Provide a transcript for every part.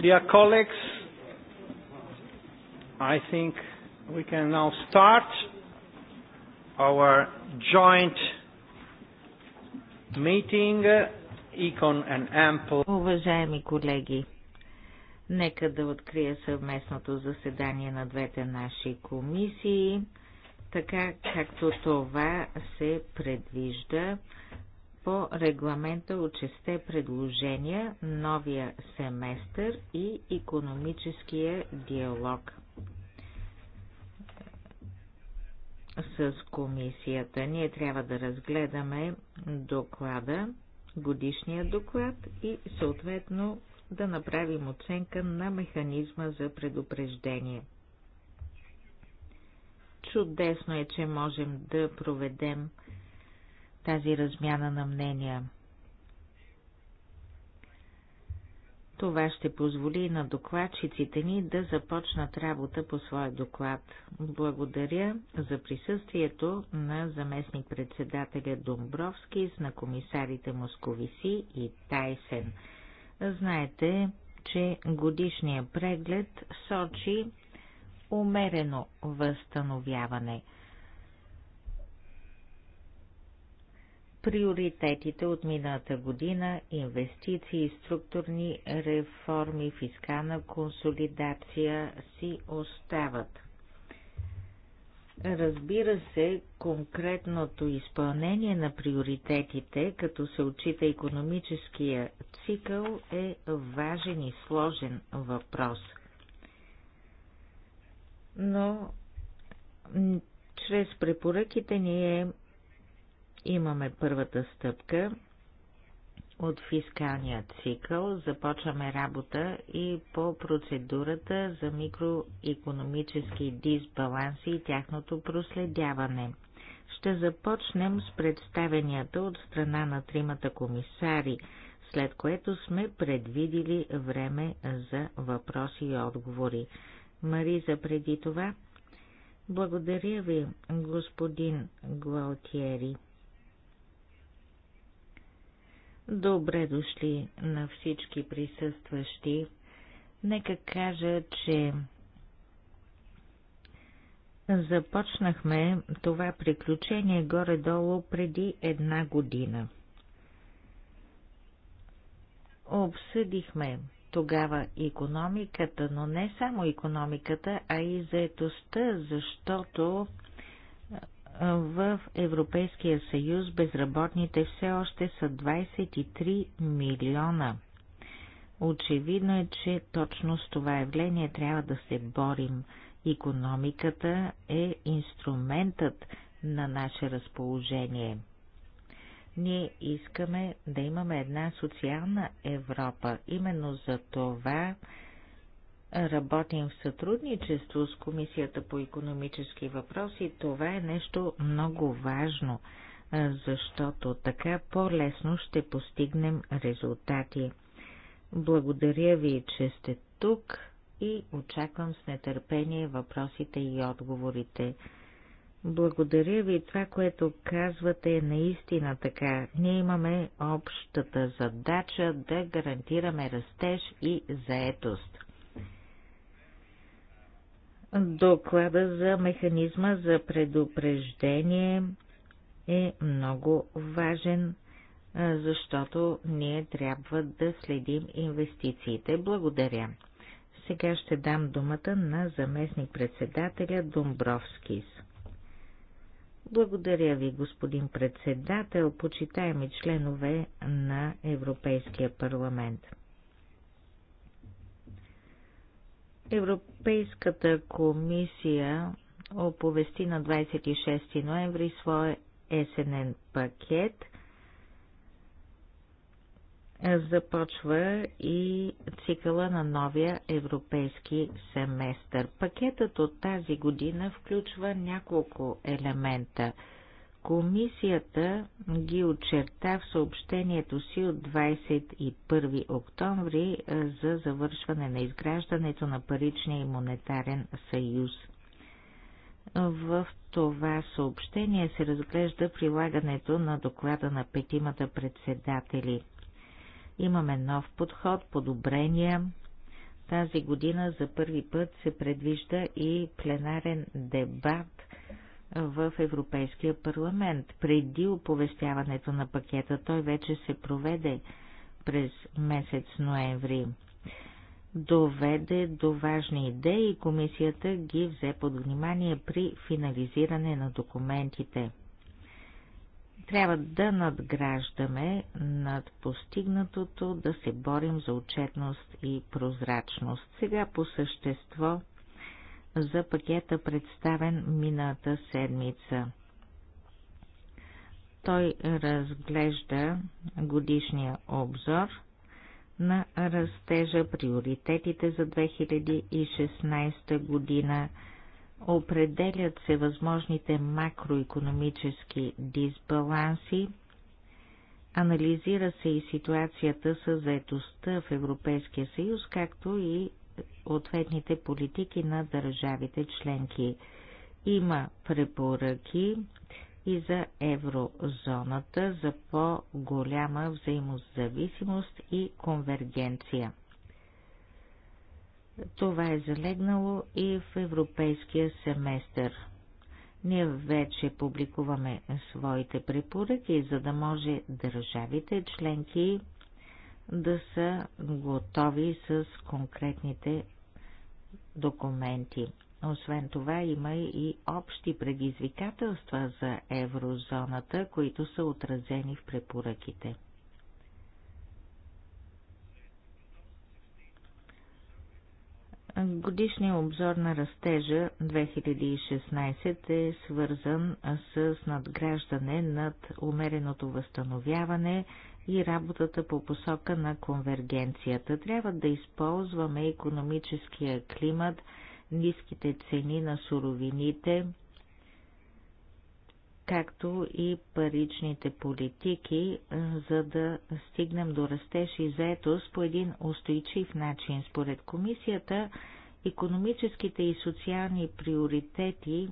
Dear colleagues, I think we can now start our joint meeting, Econ and Ample. Уважаеми колеги, нека да открия съвместното заседание на двете наши комисии, така както това се предвижда по регламента от шесте предложения, новия семестър и економическия диалог с комисията. Ние трябва да разгледаме доклада, годишния доклад и съответно да направим оценка на механизма за предупреждение. Чудесно е, че можем да проведем тази размяна на мнения. Това ще позволи на докладчиците ни да започнат работа по своя доклад. Благодаря за присъствието на заместник председателя Домбровски с на комисарите Московиси и Тайсен. Знаете, че годишния преглед сочи умерено възстановяване – приоритетите от миналата година – инвестиции, структурни реформи, фискална консолидация си остават. Разбира се, конкретното изпълнение на приоритетите, като се отчита економическия цикъл, е важен и сложен въпрос. Но чрез препоръките ние Имаме първата стъпка от фискалния цикъл. Започваме работа и по процедурата за микроекономически дисбаланси и тяхното проследяване. Ще започнем с представенията от страна на тримата комисари, след което сме предвидили време за въпроси и отговори. Мариза, преди това. Благодаря ви, господин Глаутиери. Добре дошли на всички присъстващи. Нека кажа, че започнахме това приключение горе-долу преди една година. Обсъдихме тогава економиката, но не само економиката, а и заетостта, защото в Европейския съюз безработните все още са 23 милиона. Очевидно е, че точно с това явление трябва да се борим. Економиката е инструментът на наше разположение. Ние искаме да имаме една социална Европа. Именно за това работим в сътрудничество с Комисията по економически въпроси, това е нещо много важно, защото така по-лесно ще постигнем резултати. Благодаря ви, че сте тук и очаквам с нетърпение въпросите и отговорите. Благодаря ви, това, което казвате е наистина така. Ние имаме общата задача да гарантираме растеж и заетост. Доклада за механизма за предупреждение е много важен, защото ние трябва да следим инвестициите. Благодаря. Сега ще дам думата на заместник-председателя Домбровскис. Благодаря ви, господин председател, почитаеми членове на Европейския парламент. Европейската комисия оповести на 26 ноември своя есенен пакет. Започва и цикъла на новия европейски семестър. Пакетът от тази година включва няколко елемента – Комисията ги очерта в съобщението си от 21 октомври за завършване на изграждането на паричния и монетарен съюз. В това съобщение се разглежда прилагането на доклада на петимата председатели. Имаме нов подход, подобрения. Тази година за първи път се предвижда и пленарен дебат – в Европейския парламент. Преди оповестяването на пакета той вече се проведе през месец ноември. Доведе до важни идеи и комисията ги взе под внимание при финализиране на документите. Трябва да надграждаме над постигнатото, да се борим за отчетност и прозрачност. Сега по същество – за пакета представен мината седмица. Той разглежда годишния обзор на растежа, приоритетите за 2016 година, определят се възможните макроекономически дисбаланси, анализира се и ситуацията с заетостта в Европейския съюз, както и ответните политики на държавите членки. Има препоръки и за еврозоната за по-голяма взаимозависимост и конвергенция. Това е залегнало и в европейския семестър. Ние вече публикуваме своите препоръки, за да може държавите членки да са готови с конкретните документи. Освен това има и общи предизвикателства за еврозоната, които са отразени в препоръките. Годишният обзор на растежа 2016 е свързан с надграждане над умереното възстановяване, и работата по посока на конвергенцията. Трябва да използваме економическия климат, ниските цени на суровините, както и паричните политики, за да стигнем до растеж и заетост по един устойчив начин. Според комисията, економическите и социални приоритети,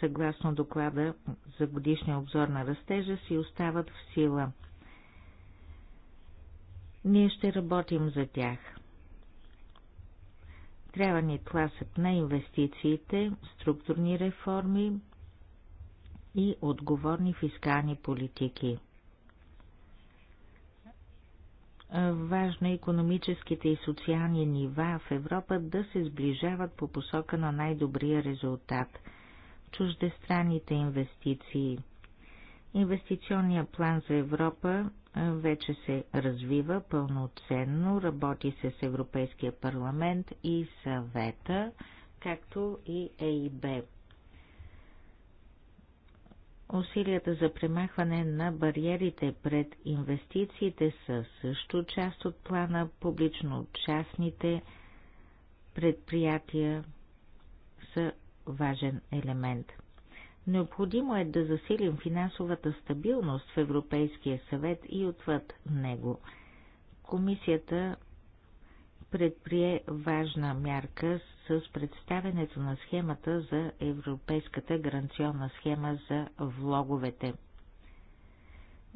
съгласно доклада за годишния обзор на растежа, си остават в сила – ние ще работим за тях. Трябва ни тласък на инвестициите, структурни реформи и отговорни фискални политики. Важно е економическите и социални нива в Европа да се сближават по посока на най-добрия резултат – чуждестранните инвестиции. Инвестиционният план за Европа вече се развива пълноценно, работи се с Европейския парламент и съвета, както и ЕИБ. Усилията за премахване на бариерите пред инвестициите са също част от плана публично-частните предприятия са важен елемент – Необходимо е да засилим финансовата стабилност в Европейския съвет и отвъд него. Комисията предприе важна мярка с представенето на схемата за Европейската гаранционна схема за влоговете.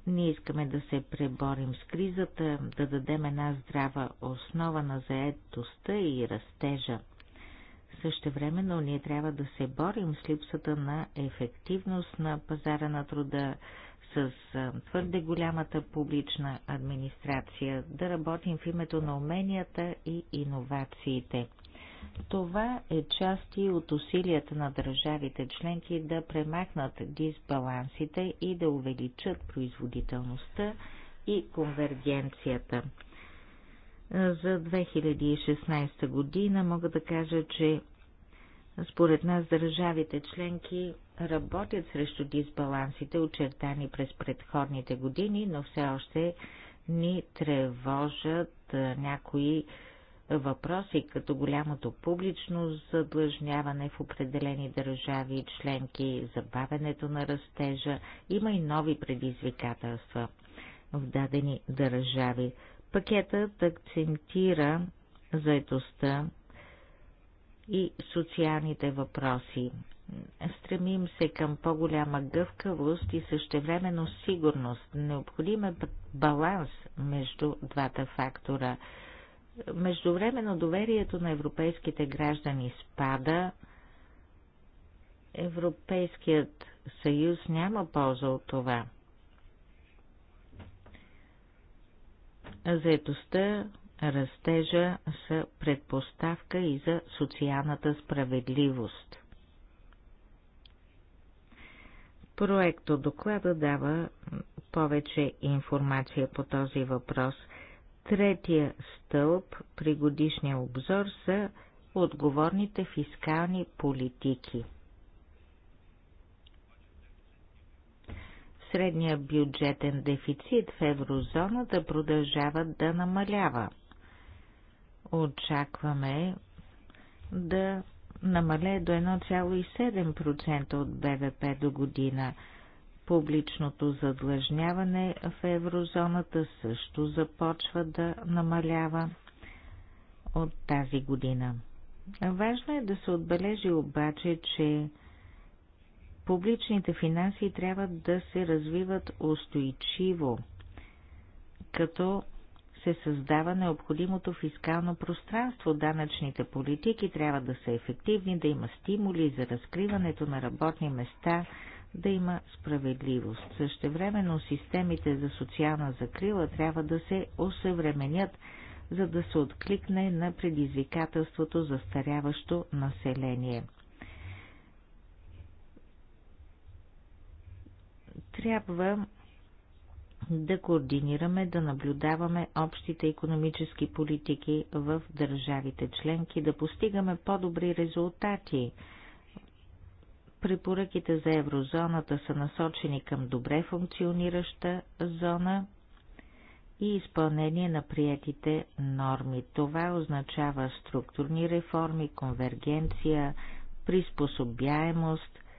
Ние искаме да се преборим с кризата, да дадем една здрава основа на заедостта и растежа. Същевременно ние трябва да се борим с липсата на ефективност на пазара на труда, с твърде голямата публична администрация, да работим в името на уменията и иновациите. Това е част и от усилията на държавите членки да премахнат дисбалансите и да увеличат производителността и конвергенцията. За 2016 година мога да кажа, че според нас държавите членки работят срещу дисбалансите, очертани през предходните години, но все още ни тревожат някои въпроси, като голямото публично задлъжняване в определени държави и членки, забавенето на растежа, има и нови предизвикателства в дадени държави. Пакетът акцентира заедостта, и социалните въпроси. Стремим се към по-голяма гъвкавост и същевременно сигурност. Необходим е баланс между двата фактора. Междувременно доверието на европейските граждани спада. Европейският съюз няма полза от това. Заетостта растежа са предпоставка и за социалната справедливост. Проекто доклада дава повече информация по този въпрос. Третия стълб при годишния обзор са отговорните фискални политики. Средният бюджетен дефицит в еврозоната продължава да намалява – очакваме да намалее до 1,7% от БВП до година. Публичното задлъжняване в еврозоната също започва да намалява от тази година. Важно е да се отбележи обаче, че публичните финанси трябва да се развиват устойчиво, като се създава необходимото фискално пространство. Данъчните политики трябва да са ефективни, да има стимули за разкриването на работни места, да има справедливост. Същевременно системите за социална закрила трябва да се осъвременят, за да се откликне на предизвикателството за старяващо население. Трябва да координираме, да наблюдаваме общите економически политики в държавите членки, да постигаме по-добри резултати. Препоръките за еврозоната са насочени към добре функционираща зона и изпълнение на приетите норми. Това означава структурни реформи, конвергенция, приспособяемост –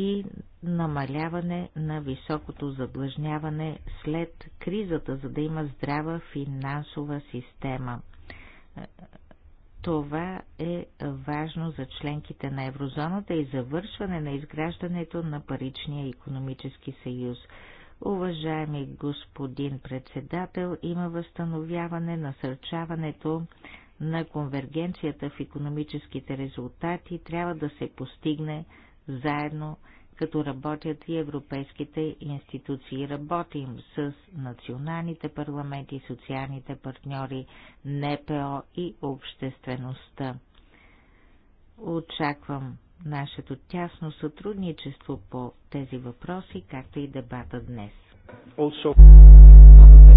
и намаляване на високото задлъжняване след кризата, за да има здрава финансова система. Това е важно за членките на еврозоната и завършване на изграждането на паричния економически съюз. Уважаеми господин председател, има възстановяване на сърчаването на конвергенцията в економическите резултати, трябва да се постигне заедно, като работят и европейските институции. Работим с националните парламенти, социалните партньори, НПО и обществеността. Очаквам нашето тясно сътрудничество по тези въпроси, както и дебата днес. Also...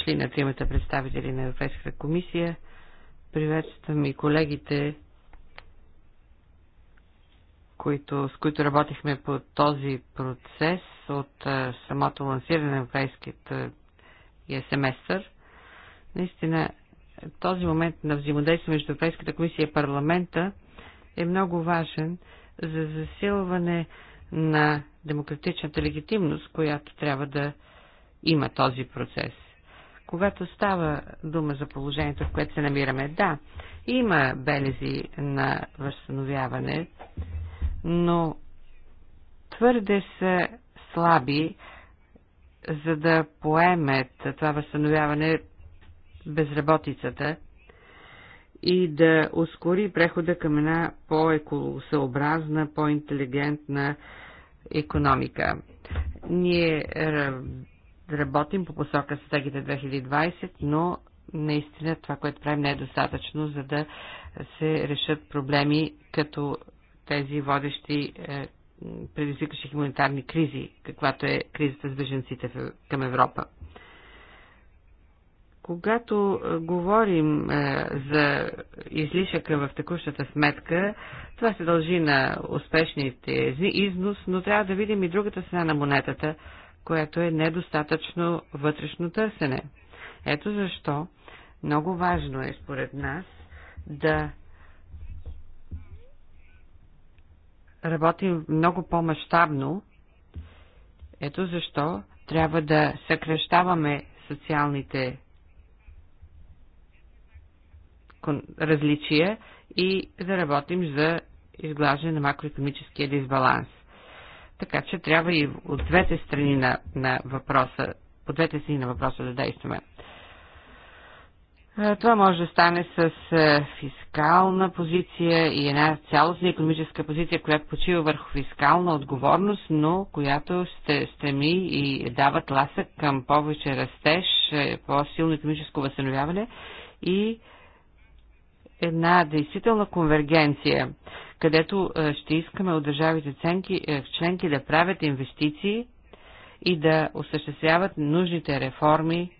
дошли на тримата представители на Европейската комисия. Приветствам и колегите, които, с които работихме по този процес от а, самото лансиране на европейският е семестър. Наистина, този момент на взаимодействие между Европейската комисия и парламента е много важен за засилване на демократичната легитимност, която трябва да има този процес когато става дума за положението, в което се намираме. Да, има белези на възстановяване, но твърде са слаби, за да поемет това възстановяване безработицата и да ускори прехода към една по-екосъобразна, по-интелигентна економика. Ние да работим по посока стратегията 2020, но наистина това, което правим, не е достатъчно, за да се решат проблеми като тези водещи е, предизвикащи хуманитарни кризи, каквато е кризата с беженците към Европа. Когато е, говорим е, за излишъка в текущата сметка, това се дължи на успешните износ, но трябва да видим и другата страна на монетата – което е недостатъчно вътрешно търсене. Ето защо много важно е според нас да работим много по-масштабно. Ето защо трябва да съкрещаваме социалните различия и да работим за изглаждане на макроекономическия дисбаланс. Така че трябва и от двете страни на, на въпроса, по двете страни на въпроса да действаме. Е, това може да стане с е, фискална позиция и една цялостна економическа позиция, която почива върху фискална отговорност, но която ще стреми и дава тласък към повече растеж, е, по-силно економическо възстановяване и една действителна конвергенция където е, ще искаме от държавите ценки, е, членки да правят инвестиции и да осъществяват нужните реформи,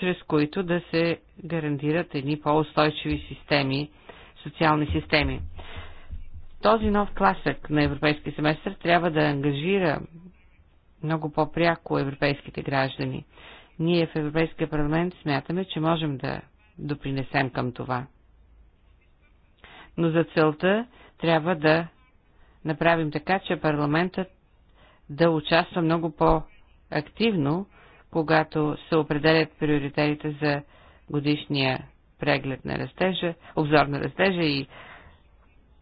чрез които да се гарантират едни по-устойчиви системи, социални системи. Този нов класък на европейски семестър трябва да ангажира много по-пряко европейските граждани. Ние в Европейския парламент смятаме, че можем да допринесем към това но за целта трябва да направим така, че парламентът да участва много по-активно, когато се определят приоритетите за годишния преглед на растежа, обзор на растежа и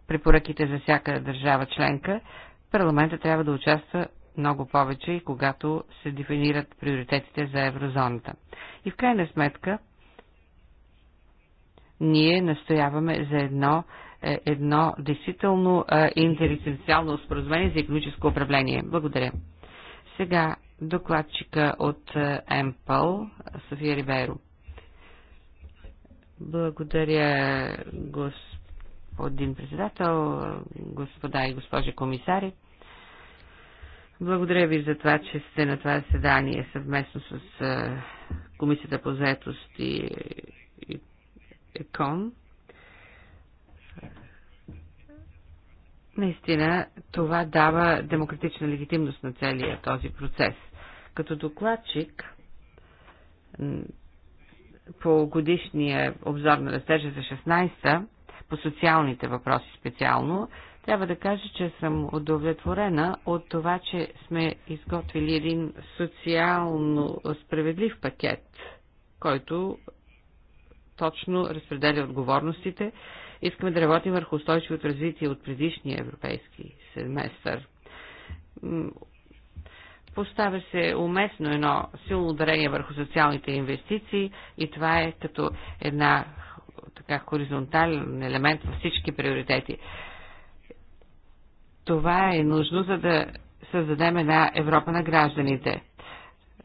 препоръките за всяка държава членка, парламента трябва да участва много повече и когато се дефинират приоритетите за еврозоната. И в крайна сметка, ние настояваме за едно е едно действително е, интересенциално споразумение за економическо управление. Благодаря. Сега докладчика от е, МПЛ, София Риберо. Благодаря, господин председател, господа и госпожи комисари. Благодаря ви за това, че сте на това заседание съвместно с Комисията по заетост и ЕКОН. Наистина, това дава демократична легитимност на целия този процес. Като докладчик по годишния обзор на растежа за 16-та, по социалните въпроси специално, трябва да кажа, че съм удовлетворена от това, че сме изготвили един социално справедлив пакет, който точно разпределя отговорностите Искаме да работим върху устойчивото развитие от предишния европейски семестър. Поставя се уместно едно силно ударение върху социалните инвестиции и това е като една така хоризонтален елемент във всички приоритети. Това е нужно, за да създадем една Европа на гражданите.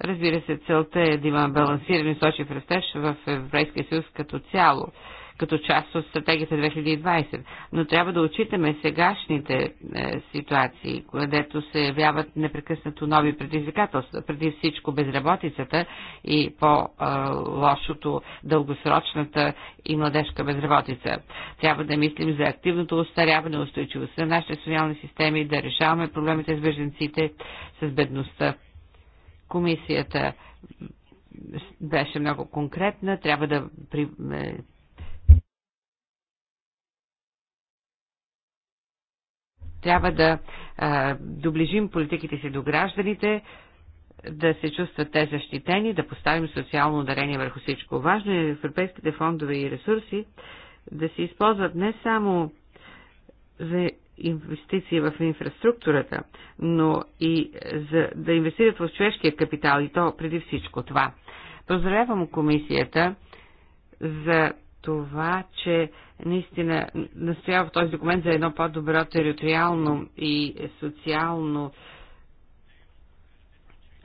Разбира се, целта е да имаме балансиран сочи в растеж в Европейския съюз като цяло като част от стратегията 2020. Но трябва да отчитаме сегашните е, ситуации, където се явяват непрекъснато нови предизвикателства. Преди всичко безработицата и по-лошото дългосрочната и младежка безработица. Трябва да мислим за активното устаряване, устойчивост на нашите социални системи, да решаваме проблемите с беженците, с бедността. Комисията беше много конкретна. Трябва да е, Трябва да а, доближим политиките си до гражданите, да се чувстват те защитени, да поставим социално ударение върху всичко. Важно е европейските фондове и ресурси да се използват не само за инвестиции в инфраструктурата, но и за да инвестират в човешкия капитал и то преди всичко това. Поздравявам комисията за това, че наистина настоява в този документ за едно по-добро териториално и социално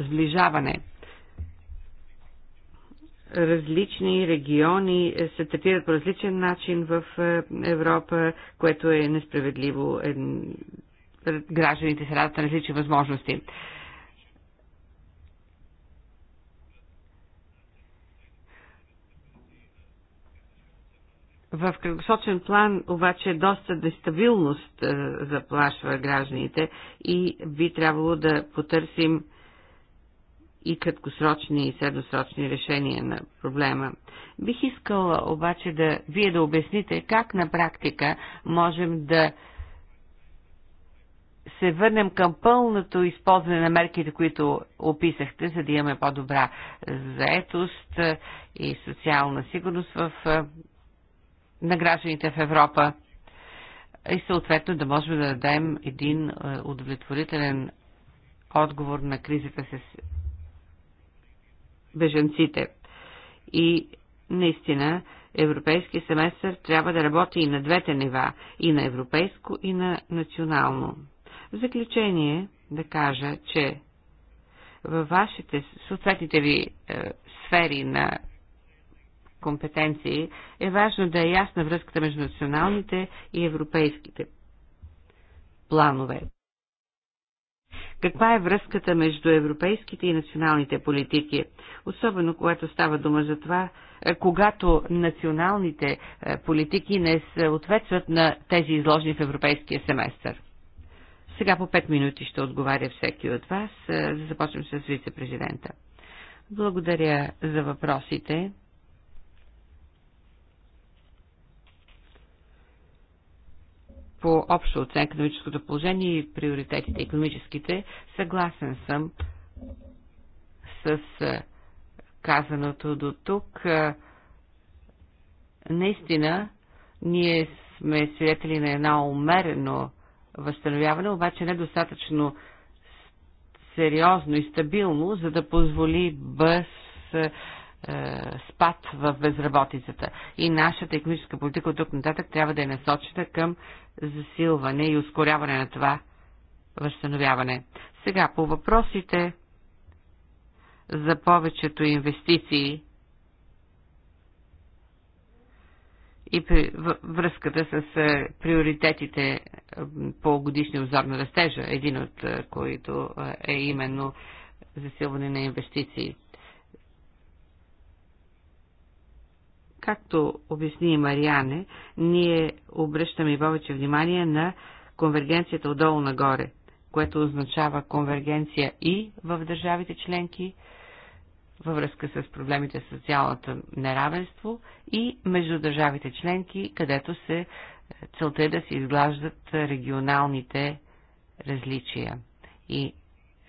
сближаване. Различни региони се третират по различен начин в е, Европа, което е несправедливо. Е, гражданите се радват на различни възможности. В кръгосочен план обаче е доста дестабилност е, заплашва гражданите и би трябвало да потърсим и краткосрочни и средносрочни решения на проблема. Бих искала обаче да вие да обясните как на практика можем да се върнем към пълното използване на мерките, които описахте, за да имаме по-добра заетост е, и социална сигурност в на гражданите в Европа и съответно да можем да дадем един е, удовлетворителен отговор на кризата с беженците. И наистина Европейски семестър трябва да работи и на двете нива, и на европейско, и на национално. В заключение да кажа, че във вашите, съответните ви е, сфери на компетенции, е важно да е ясна връзката между националните и европейските планове. Каква е връзката между европейските и националните политики, особено когато става дума за това, е, когато националните е, политики не съответстват на тези изложени в европейския семестър? Сега по 5 минути ще отговаря всеки от вас. Е, Започвам с вице-президента. Благодаря за въпросите. по обща оценка на економическото положение и приоритетите економическите, съгласен съм с е, казаното до тук. Е, наистина, ние сме свидетели на едно умерено възстановяване, обаче недостатъчно сериозно и стабилно, за да позволи бъз е, е, спад в безработицата. И нашата економическа политика от тук нататък трябва да е насочена към засилване и ускоряване на това възстановяване. Сега по въпросите за повечето инвестиции и при, връзката с е, приоритетите е, по годишния обзор на растежа, един от които е именно засилване на инвестиции. Както обясни Мариане, ние обръщаме повече внимание на конвергенцията отдолу нагоре, което означава конвергенция и в държавите членки, във връзка с проблемите с социалното неравенство и между държавите членки, където се е, целта е да се изглаждат регионалните различия и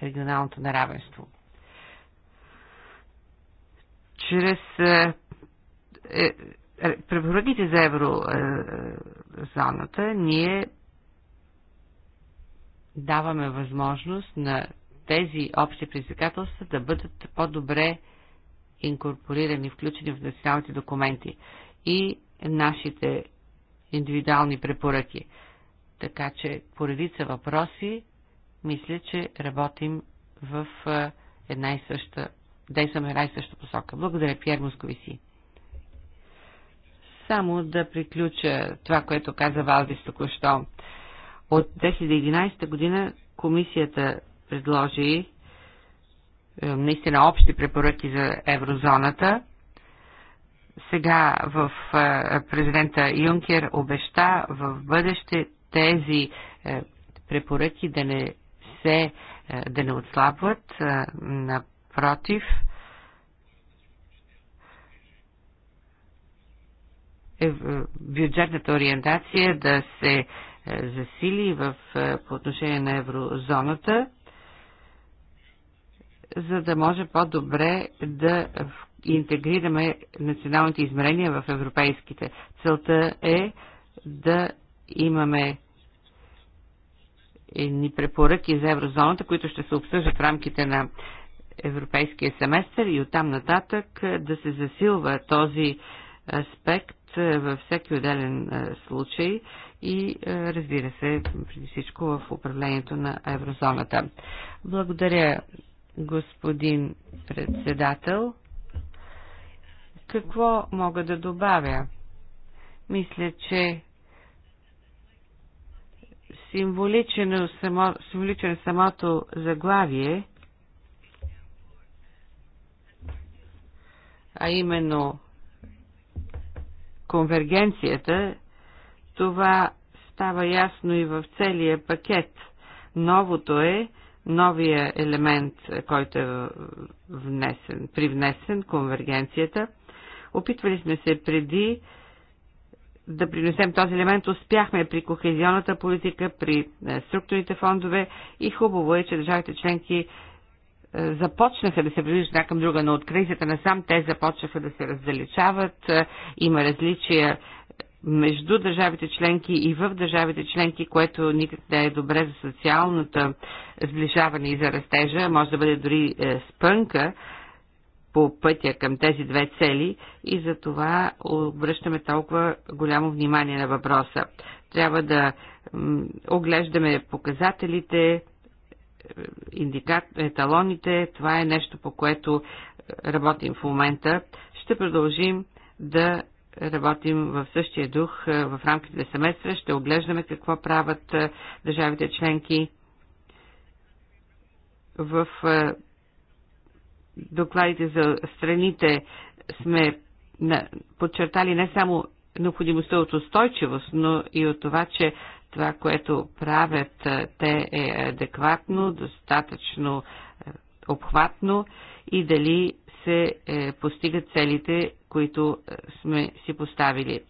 регионалното неравенство. Чрез е, е, е, препоръките за еврозоната е, ние даваме възможност на тези общи предизвикателства да бъдат по-добре инкорпорирани, включени в националните документи и нашите индивидуални препоръки. Така че по редица въпроси мисля, че работим в една и съща, действаме една и съща посока. Благодаря, Пьер Московиси. Само да приключа това, което каза Валдис току-що. От 2011 година комисията предложи е, наистина общи препоръки за еврозоната. Сега в е, президента Юнкер обеща в бъдеще тези е, препоръки да не се да не отслабват, напротив, Е, е, бюджетната ориентация да се е, засили в, по отношение на еврозоната, за да може по-добре да интегрираме националните измерения в европейските. Целта е да имаме ни препоръки за еврозоната, които ще се обсъждат в рамките на европейския семестър и оттам нататък да се засилва този аспект е във всеки отделен е, случай и е, разбира се, преди всичко в управлението на еврозоната. Благодаря, господин председател. Какво мога да добавя? Мисля, че символичен, само, символичен самото заглавие, а именно конвергенцията, това става ясно и в целия пакет. Новото е, новия елемент, който е внесен, привнесен, конвергенцията. Опитвали сме се преди да принесем този елемент. Успяхме при кохезионната политика, при е, структурните фондове и хубаво е, че държавите членки е, започнаха да се приближат една към друга, но от кризата насам те започнаха да се раздалечават. Е, има различия между държавите членки и в държавите членки, което никак не е добре за социалната сближаване и за растежа, може да бъде дори е, спънка по пътя към тези две цели и за това обръщаме толкова голямо внимание на въпроса. Трябва да оглеждаме показателите, индикат, еталоните, това е нещо по което работим в момента. Ще продължим да работим в същия дух е, в рамките на семестра, ще оглеждаме какво правят е, държавите членки в е, докладите за страните сме подчертали не само необходимостта от устойчивост, но и от това, че това, което правят те е адекватно, достатъчно е, обхватно и дали се е, постигат целите, които е, сме си поставили.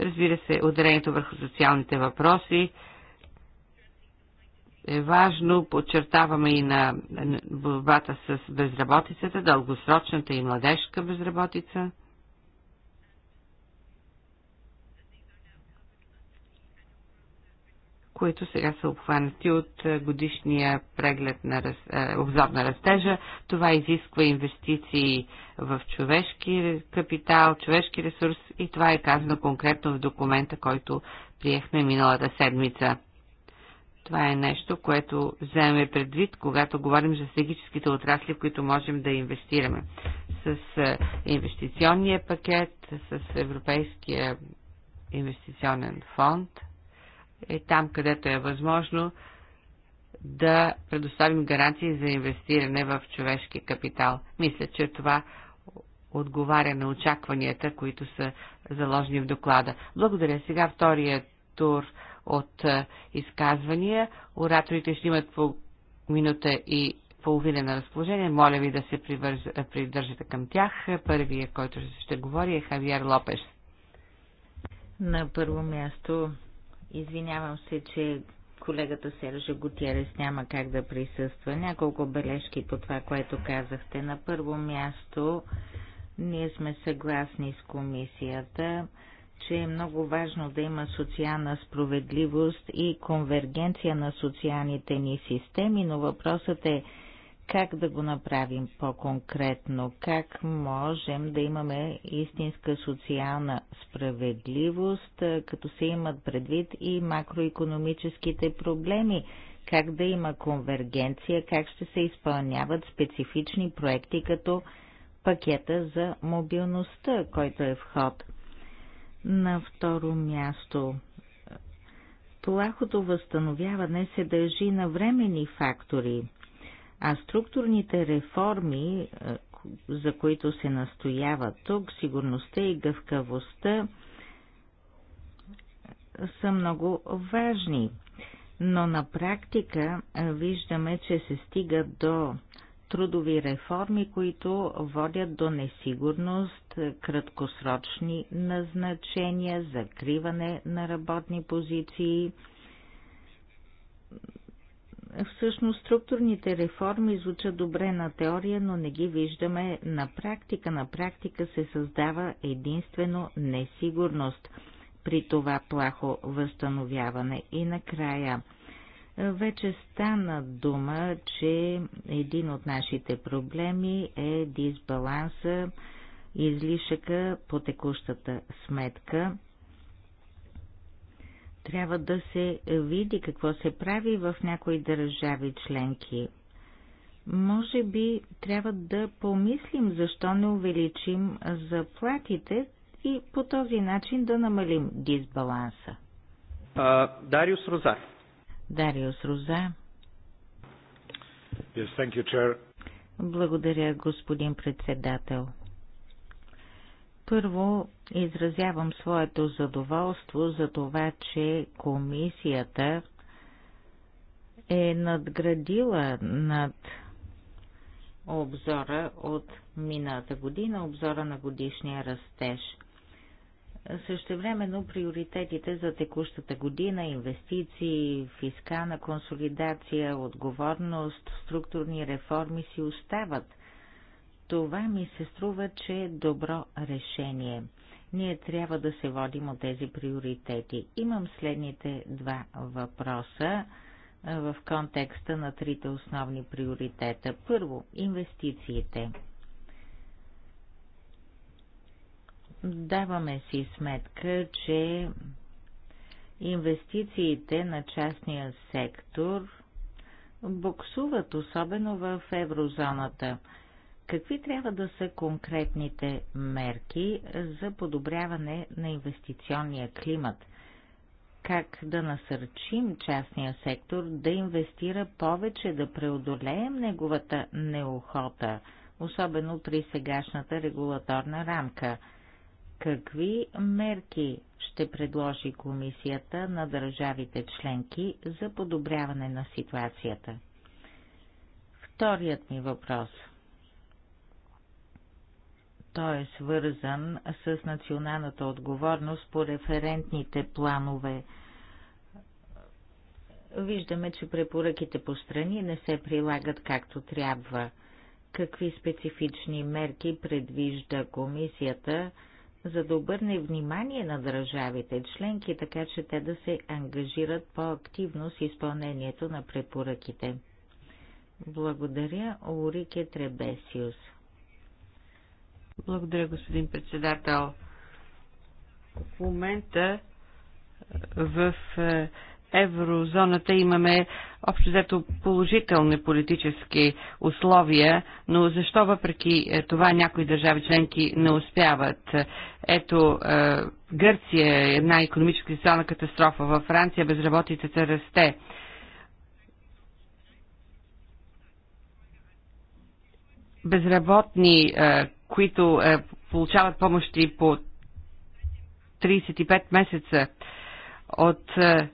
Разбира се, ударението върху социалните въпроси е важно. Подчертаваме и на борбата с безработицата, дългосрочната и младежка безработица. които сега са обхванати от годишния преглед на раз... обзор на растежа. Това изисква инвестиции в човешки капитал, човешки ресурс и това е казано конкретно в документа, който приехме миналата седмица. Това е нещо, което вземе предвид, когато говорим за стратегическите отрасли, в които можем да инвестираме. С инвестиционния пакет, с Европейския инвестиционен фонд – е там, където е възможно да предоставим гаранции за инвестиране в човешки капитал. Мисля, че това отговаря на очакванията, които са заложени в доклада. Благодаря. Сега втория тур от е, изказвания. Ораторите ще имат по минута и половина на разположение. Моля ви да се привърж... Е, придържате към тях. Първият, който ще говори е Хавиер Лопеш. На първо място Извинявам се, че колегата Сержа Гутиерес няма как да присъства. Няколко бележки по това, което казахте. На първо място, ние сме съгласни с комисията, че е много важно да има социална справедливост и конвергенция на социалните ни системи, но въпросът е как да го направим по-конкретно, как можем да имаме истинска социална справедливост, като се имат предвид и макроекономическите проблеми, как да има конвергенция, как ще се изпълняват специфични проекти като пакета за мобилността, който е вход. На второ място плахото възстановяване се дължи на времени фактори – а структурните реформи, е, за които се настоява тук, сигурността и гъвкавостта са много важни. Но на практика е, виждаме, че се стига до трудови реформи, които водят до несигурност, е, краткосрочни назначения, закриване на работни позиции – Всъщност структурните реформи звучат добре на теория, но не ги виждаме на практика. На практика се създава единствено несигурност при това плахо възстановяване. И накрая вече стана дума, че един от нашите проблеми е дисбаланса, излишъка по текущата сметка – трябва да се види какво се прави в някои държави членки. Може би трябва да помислим защо не увеличим заплатите и по този начин да намалим дисбаланса. А, Дариус Роза. Дариус Роза. Yes, thank you, chair. Благодаря, господин председател. Първо, изразявам своето задоволство за това, че комисията е надградила над обзора от мината година, обзора на годишния растеж. Същевременно приоритетите за текущата година, инвестиции, фискална консолидация, отговорност, структурни реформи си остават – това ми се струва, че е добро решение. Ние трябва да се водим от тези приоритети. Имам следните два въпроса в контекста на трите основни приоритета. Първо, инвестициите. Даваме си сметка, че инвестициите на частния сектор буксуват, особено в еврозоната. Какви трябва да са конкретните мерки за подобряване на инвестиционния климат? Как да насърчим частния сектор да инвестира повече, да преодолеем неговата неохота, особено при сегашната регулаторна рамка? Какви мерки ще предложи комисията на държавите членки за подобряване на ситуацията? Вторият ми въпрос – той е свързан с националната отговорност по референтните планове. Виждаме, че препоръките по страни не се прилагат както трябва. Какви специфични мерки предвижда комисията, за да обърне внимание на държавите членки, така че те да се ангажират по-активно с изпълнението на препоръките? Благодаря, Орике Требесиус. Благодаря, господин председател. В момента в еврозоната имаме общо взето положителни политически условия, но защо въпреки това някои държави членки не успяват? Ето, Гърция е една економическа и социална катастрофа, във Франция безработицата расте. безработни които е, получават помощи по 35 месеца от е,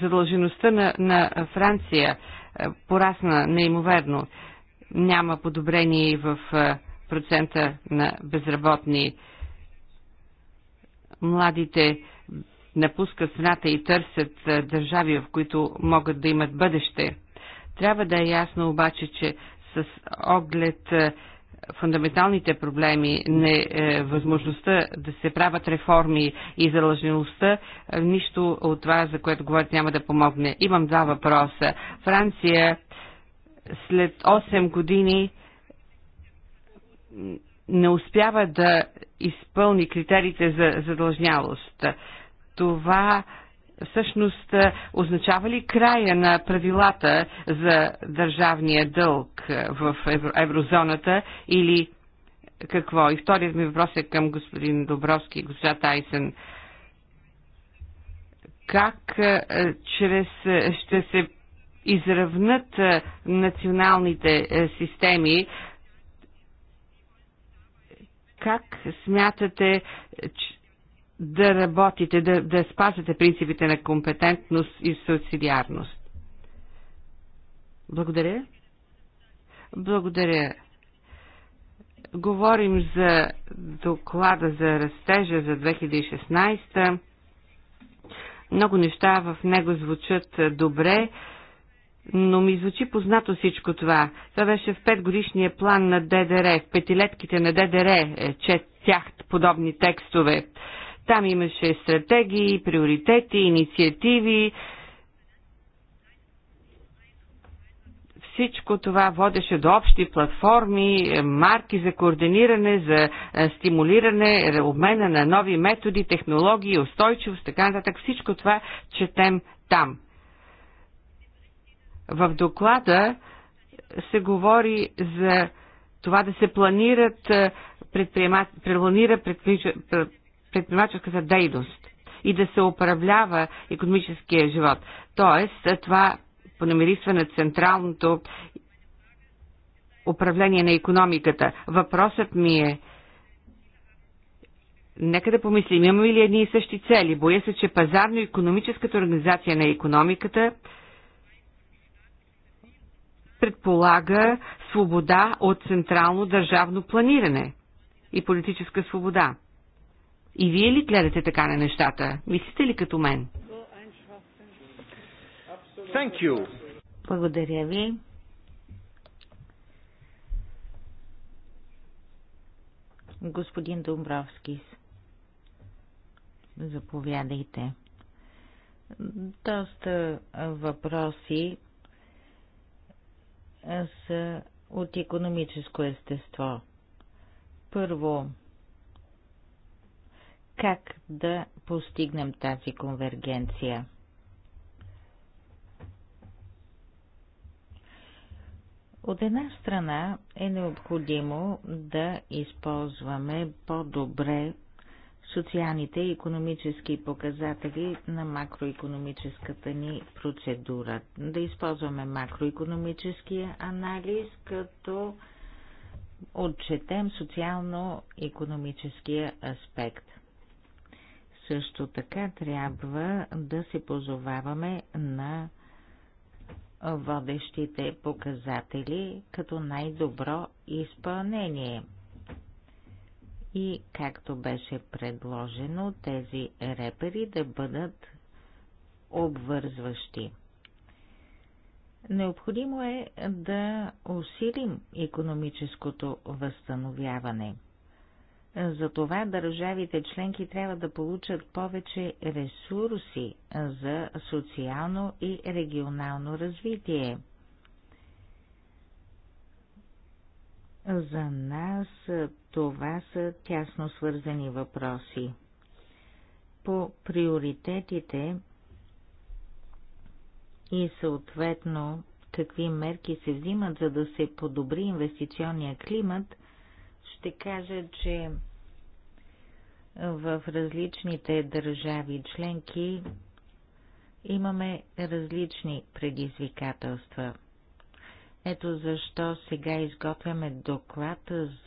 задължеността на, на Франция е, порасна неимоверно. Няма подобрение в е, процента на безработни. Младите напускат страната и търсят е, държави, в които могат да имат бъдеще. Трябва да е ясно обаче, че с оглед е, фундаменталните проблеми, не е възможността да се правят реформи и залъжнилостта, е, нищо от това, за което говорите, няма да помогне. Имам два въпроса. Франция след 8 години не успява да изпълни критериите за задължнялост. Това всъщност е, означава ли края на правилата за държавния дълг е, в еврозоната или какво? И вторият ми въпрос е към господин Добровски и госпожа Тайсен. Как е, чрез, ще се изравнат националните системи? Как смятате, че да работите, да, да спазвате принципите на компетентност и субсидиарност. Благодаря. Благодаря. Говорим за доклада за растежа за 2016. Много неща в него звучат добре, но ми звучи познато всичко това. Това беше в петгодишния план на ДДР, в петилетките на ДДР, е, че тях подобни текстове. Там имаше стратегии, приоритети, инициативи. Всичко това водеше до общи платформи, е, марки за координиране, за е, стимулиране, е, обмена на нови методи, технологии, устойчивост, така нататък. Всичко това четем там. В доклада се говори за това да се планират предприемат, планира предпринимаческата дейност и да се управлява економическия живот. Тоест, това понамирисва на централното управление на економиката. Въпросът ми е, нека да помислим, имаме ли едни и същи цели? Боя се, че пазарно-економическата организация на економиката предполага свобода от централно държавно планиране и политическа свобода. И вие ли гледате така на нещата? Мислите ли като мен? Thank you. Благодаря ви. Господин Домбровски, заповядайте. Доста въпроси са от економическо естество. Първо, как да постигнем тази конвергенция. От една страна е необходимо да използваме по-добре социалните и економически показатели на макроекономическата ни процедура. Да използваме макроекономическия анализ, като отчетем социално-економическия аспект. Също така трябва да се позоваваме на водещите показатели като най-добро изпълнение. И както беше предложено, тези репери да бъдат обвързващи. Необходимо е да усилим економическото възстановяване – за това държавите членки трябва да получат повече ресурси за социално и регионално развитие. За нас това са тясно свързани въпроси. По приоритетите и съответно какви мерки се взимат, за да се подобри инвестиционния климат, ще кажа, че в различните държави членки имаме различни предизвикателства. Ето защо сега изготвяме доклад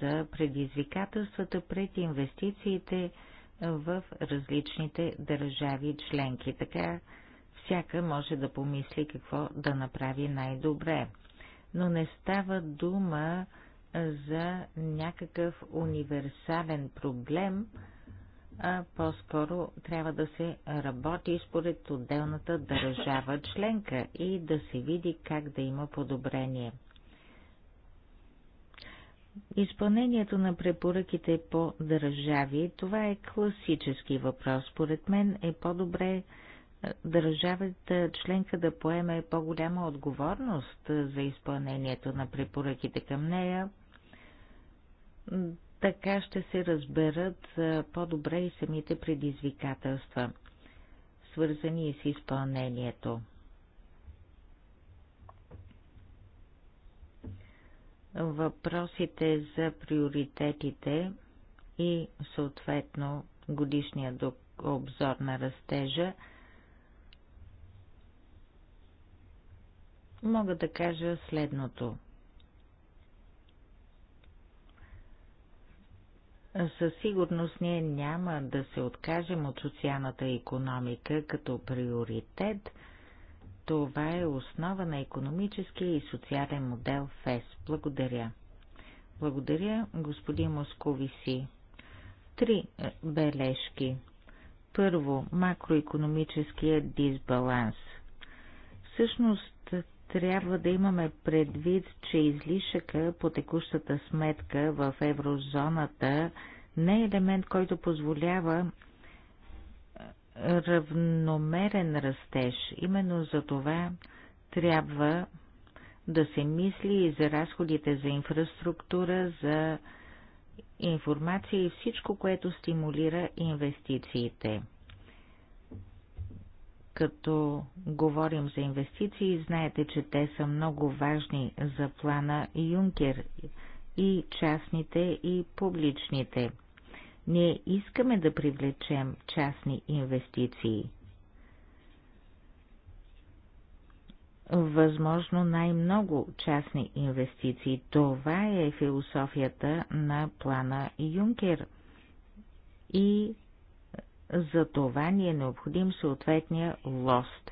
за предизвикателствата пред инвестициите в различните държави членки. Така всяка може да помисли какво да направи най-добре. Но не става дума за някакъв универсален проблем, а по-скоро трябва да се работи според отделната държава членка и да се види как да има подобрение. Изпълнението на препоръките по държави, това е класически въпрос. Според мен е по-добре държавата членка да поеме по-голяма отговорност за изпълнението на препоръките към нея, така ще се разберат по-добре и самите предизвикателства, свързани с изпълнението. Въпросите за приоритетите и съответно годишния обзор на растежа мога да кажа следното – Със сигурност ние няма да се откажем от социалната економика като приоритет. Това е основа на економическия и социален модел ФЕС. Благодаря. Благодаря, господин Московиси. Три е, бележки. Първо, макроекономическия дисбаланс. Всъщност трябва да имаме предвид, че излишъка по текущата сметка в еврозоната не е елемент, който позволява е, равномерен растеж. Именно за това трябва да се мисли и за разходите за инфраструктура, за информация и всичко, което стимулира инвестициите. Като говорим за инвестиции, знаете, че те са много важни за плана Юнкер и частните и публичните. Ние искаме да привлечем частни инвестиции. Възможно най-много частни инвестиции. Това е философията на плана Юнкер. И за това ни е необходим съответния лост.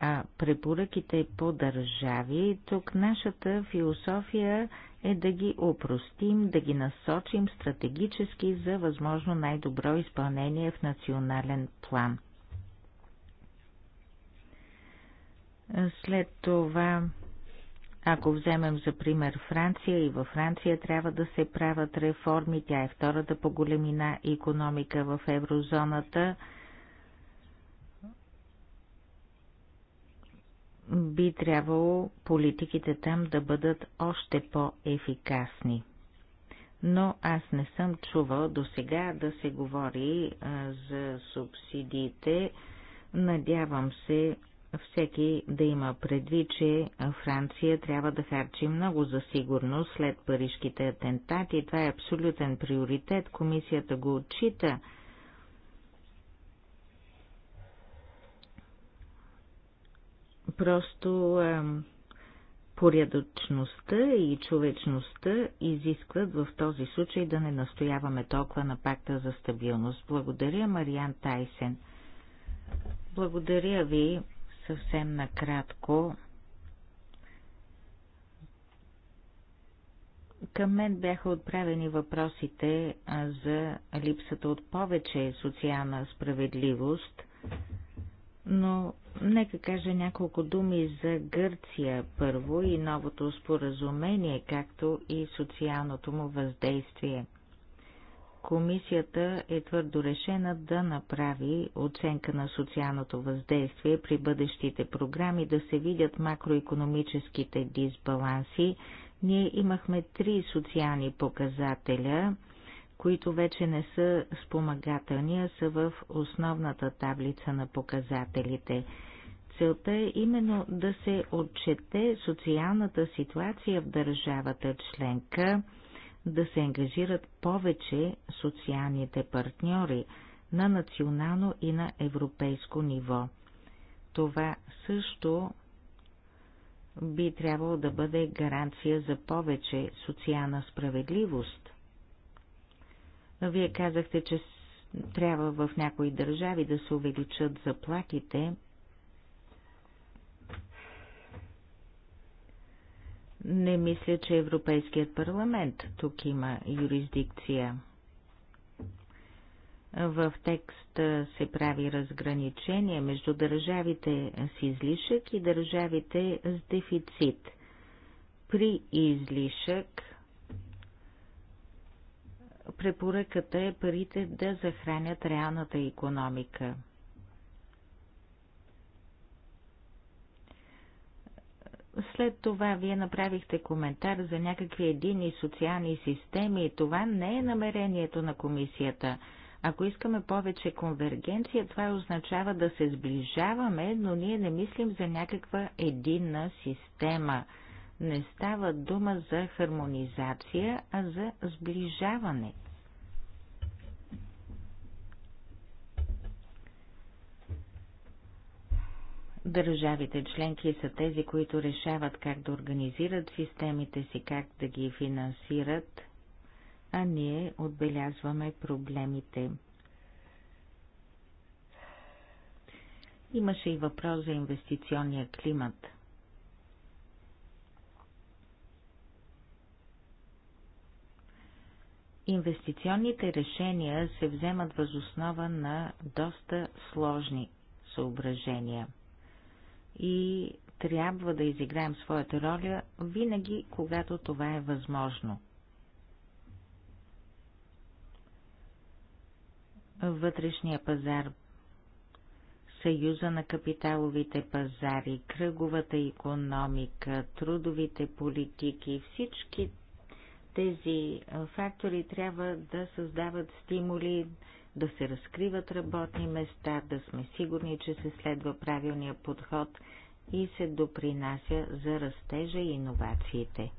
А препоръките по държави, тук нашата философия е да ги опростим, да ги насочим стратегически за възможно най-добро изпълнение в национален план. След това ако вземем за пример Франция, и във Франция трябва да се правят реформи, тя е втората по големина економика в еврозоната. Би трябвало политиките там да бъдат още по-ефикасни. Но аз не съм чувал до сега да се говори а, за субсидиите. Надявам се всеки да има предвид, че Франция трябва да харчи много за сигурност след парижките атентати. Това е абсолютен приоритет. Комисията го отчита. Просто порядочността и човечността изискват в този случай да не настояваме толкова на пакта за стабилност. Благодаря, Мариан Тайсен. Благодаря ви. Съвсем накратко. Към мен бяха отправени въпросите за липсата от повече социална справедливост, но нека кажа няколко думи за Гърция първо и новото споразумение, както и социалното му въздействие. Комисията е твърдо решена да направи оценка на социалното въздействие при бъдещите програми, да се видят макроекономическите дисбаланси. Ние имахме три социални показателя, които вече не са спомагателни, а са в основната таблица на показателите. Целта е именно да се отчете социалната ситуация в държавата членка – да се ангажират повече социалните партньори на национално и на европейско ниво. Това също би трябвало да бъде гаранция за повече социална справедливост. Вие казахте, че трябва в някои държави да се увеличат заплатите Не мисля, че Европейският парламент тук има юрисдикция. В текста се прави разграничение между държавите с излишък и държавите с дефицит. При излишък препоръката е парите да захранят реалната економика. След това вие направихте коментар за някакви едини социални системи и това не е намерението на комисията. Ако искаме повече конвергенция, това означава да се сближаваме, но ние не мислим за някаква единна система. Не става дума за хармонизация, а за сближаване – Държавите членки са тези, които решават как да организират системите си, как да ги финансират, а ние отбелязваме проблемите. Имаше и въпрос за инвестиционния климат. Инвестиционните решения се вземат възоснова на доста сложни съображения – и трябва да изиграем своята роля винаги, когато това е възможно. Вътрешния пазар, Съюза на капиталовите пазари, кръговата економика, трудовите политики, всички тези фактори трябва да създават стимули да се разкриват работни места, да сме сигурни, че се следва правилния подход и се допринася за растежа и иновациите.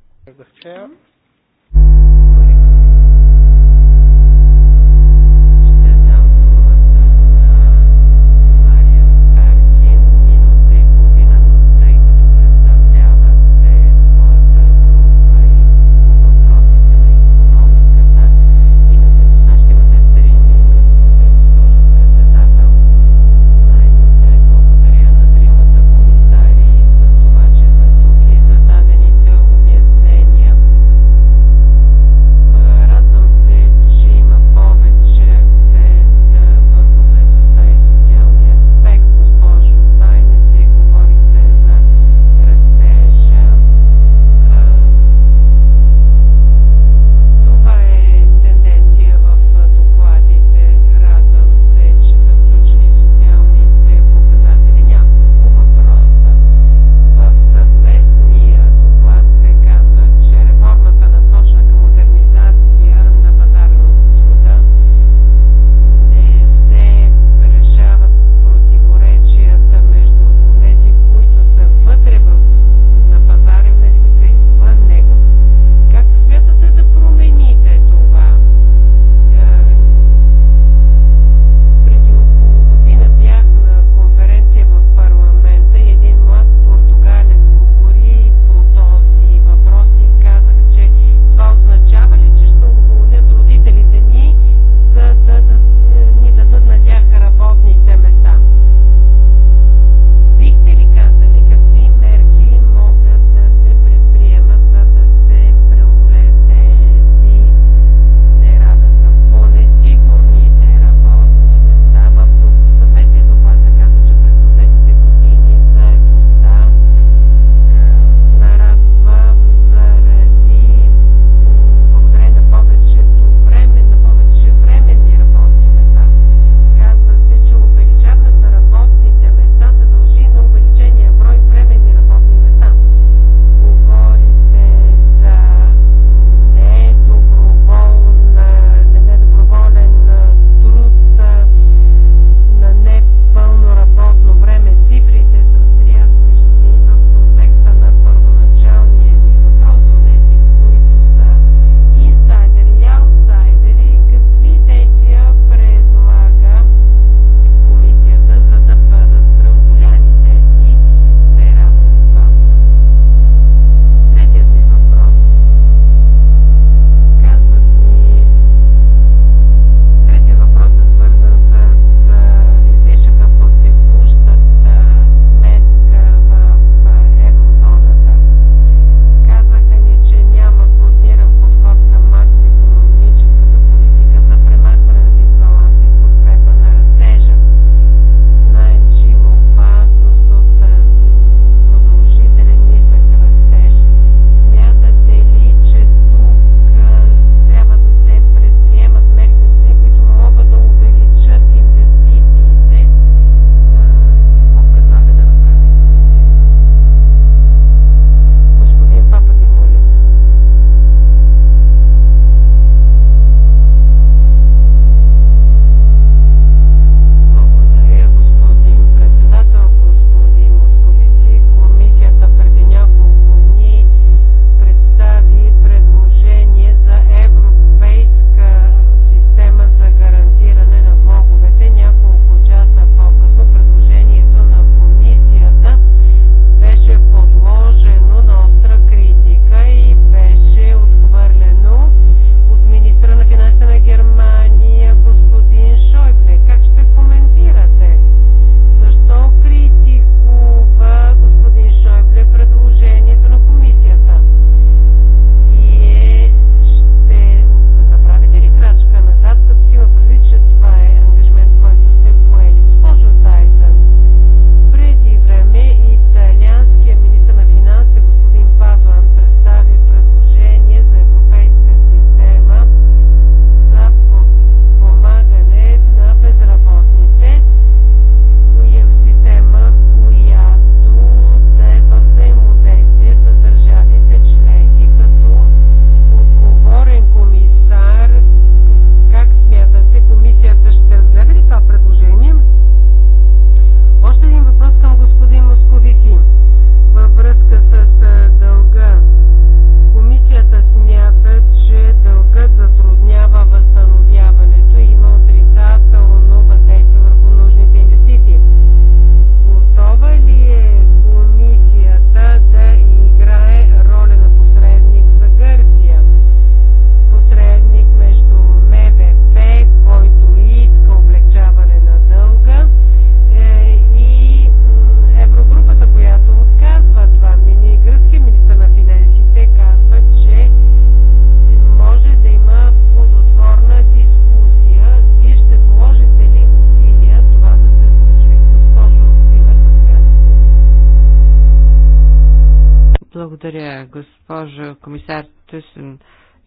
Госпожо комисар Тъсен,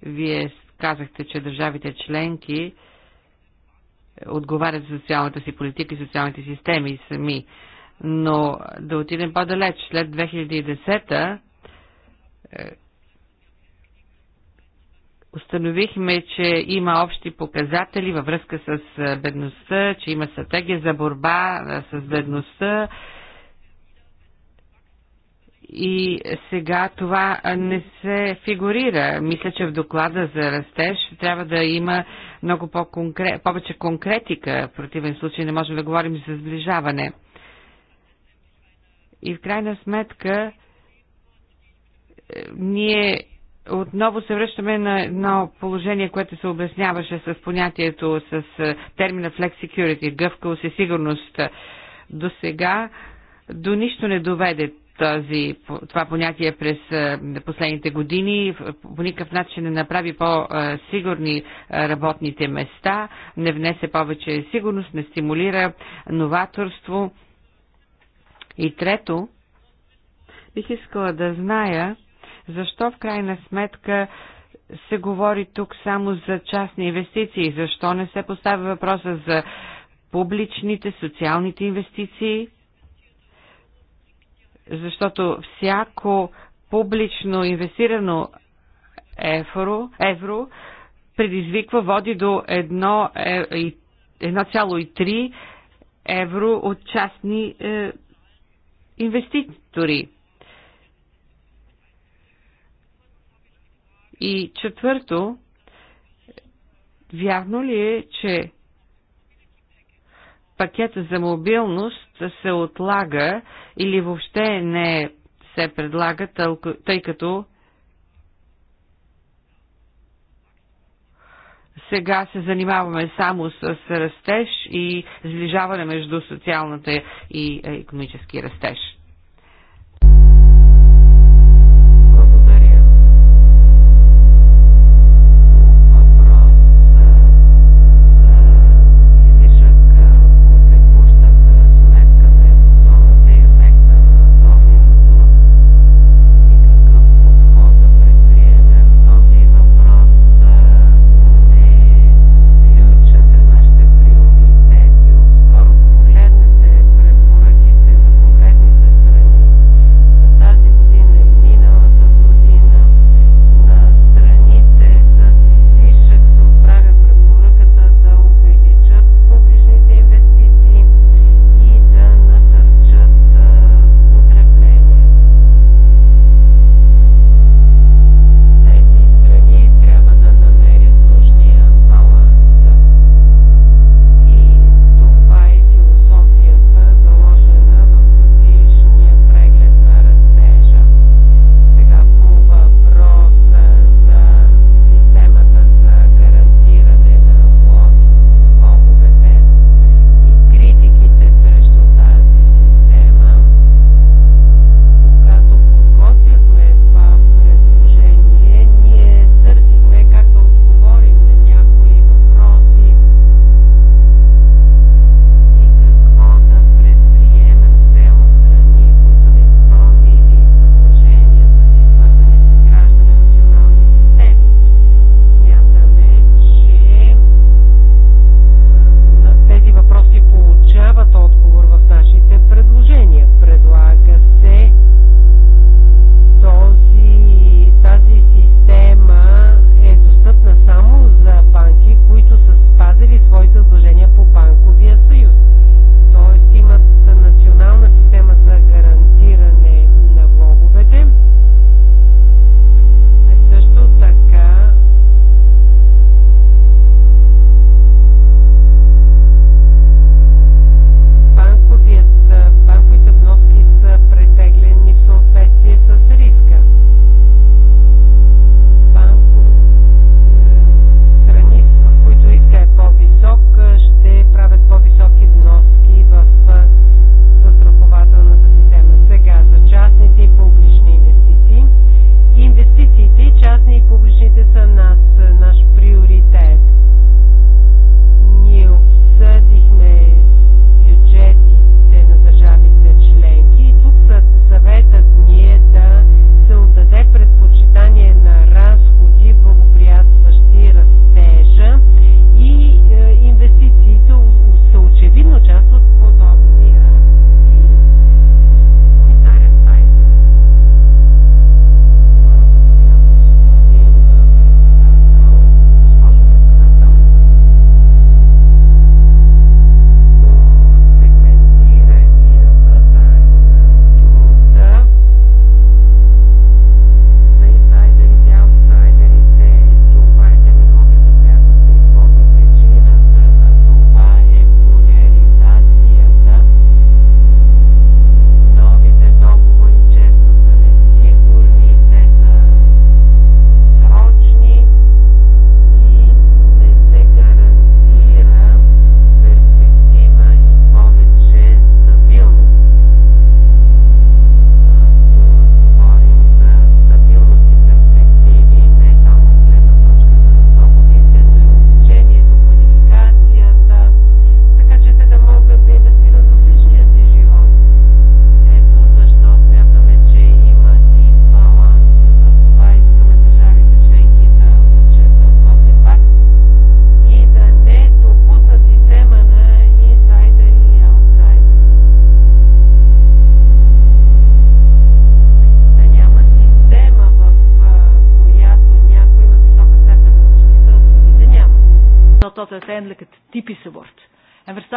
вие казахте, че държавите членки отговарят за социалната си политика и социалните системи сами. Но да отидем по-далеч. След 2010-та е, установихме, че има общи показатели във връзка с е, бедността, че има стратегия за борба е, с бедността и сега това не се фигурира. Мисля, че в доклада за растеж трябва да има много по-конкрет, повече конкретика. В противен случай не можем да говорим за сближаване. И в крайна сметка е, ние отново се връщаме на едно положение, което се обясняваше с понятието, с е, термина flex security, гъвкаост и сигурност. До сега до нищо не доведе тази, това понятие през последните години. По никакъв начин не направи по-сигурни работните места, не внесе повече сигурност, не стимулира новаторство. И трето, бих искала да зная, защо в крайна сметка се говори тук само за частни инвестиции, защо не се поставя въпроса за публичните, социалните инвестиции, защото всяко публично инвестирано евро, евро предизвиква, води до 1,3 е, евро от частни е, инвеститори. И четвърто, вярно ли е, че пакета за мобилност се отлага или въобще не се предлага, тъй като сега се занимаваме само с растеж и сближаване между социалната и економически растеж.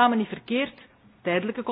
samen niet verkeerd. Tijdelijke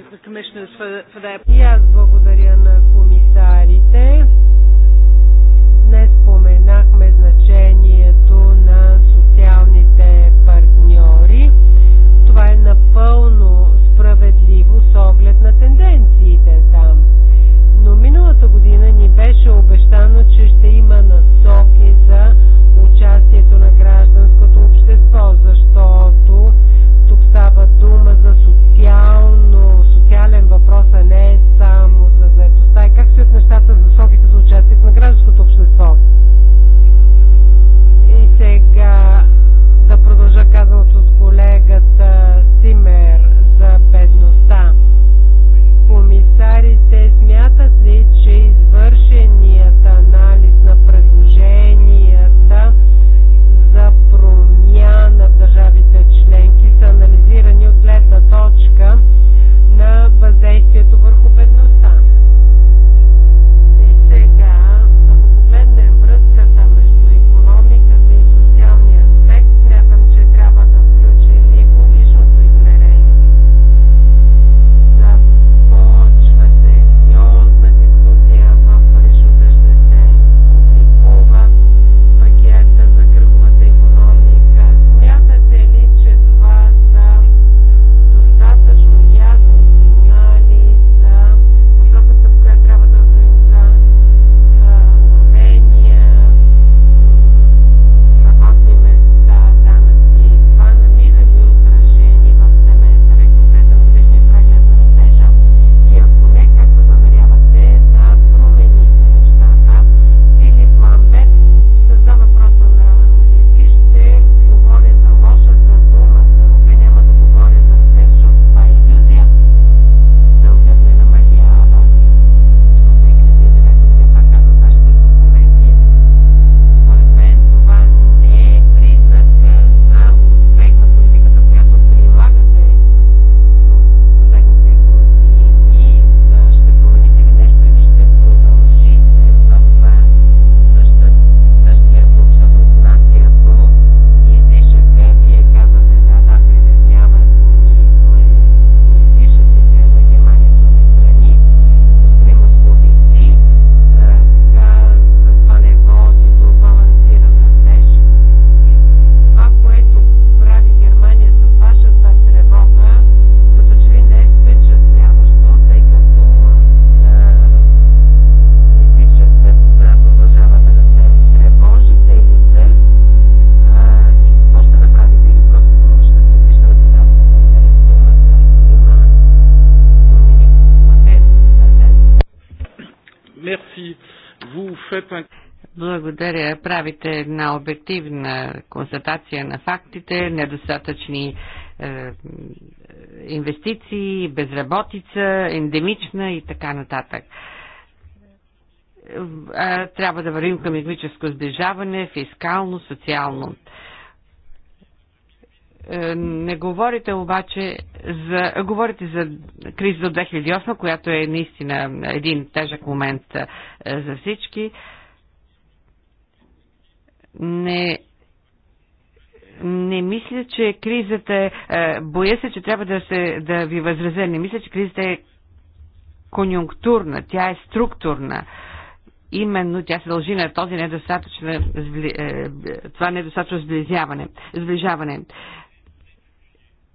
thank the commissioners for, for their... благодаря. Правите една обективна констатация на фактите, недостатъчни е, инвестиции, безработица, ендемична и така нататък. Трябва да вървим към економическо сближаване, фискално, социално. Е, не говорите обаче за, говорите за криза от 2008, която е наистина един тежък момент е, за всички не не мисля, че кризата е, е... Боя се, че трябва да, се, да ви възразя. Не мисля, че кризата е конюнктурна, тя е структурна. Именно тя се дължи на този недостатъчно, е, е, това недостатъчно сближаване. сближаване.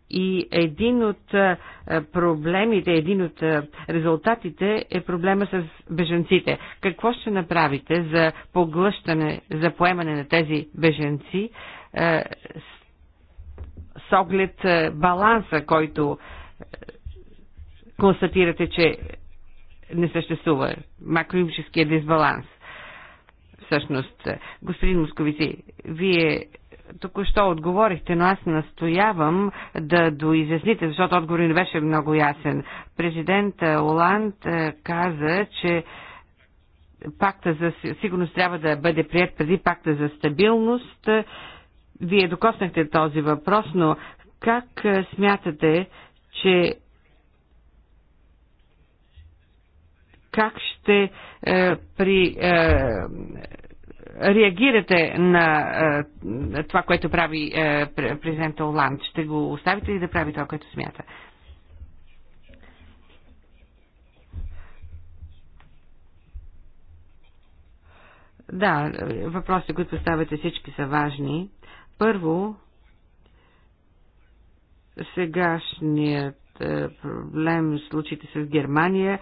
И един от проблемите, един от резултатите е проблема с беженците. Какво ще направите за поглъщане, за поемане на тези беженци с оглед баланса, който констатирате, че не съществува макроимическия дисбаланс? Всъщност, господин Московици, вие Току-що отговорихте, но аз настоявам да доизясните, защото отговор не беше много ясен. Президент Оланд е, каза, че пакта за сигурност трябва да бъде прият преди пакта за стабилност. Вие докоснахте този въпрос, но как е, смятате, че как ще е, при е, реагирате на е, това, което прави е, президента Оланд? Ще го оставите ли да прави това, което смята? Да, въпросите, които поставяте всички са важни. Първо, сегашният е, проблем, случаите с Германия,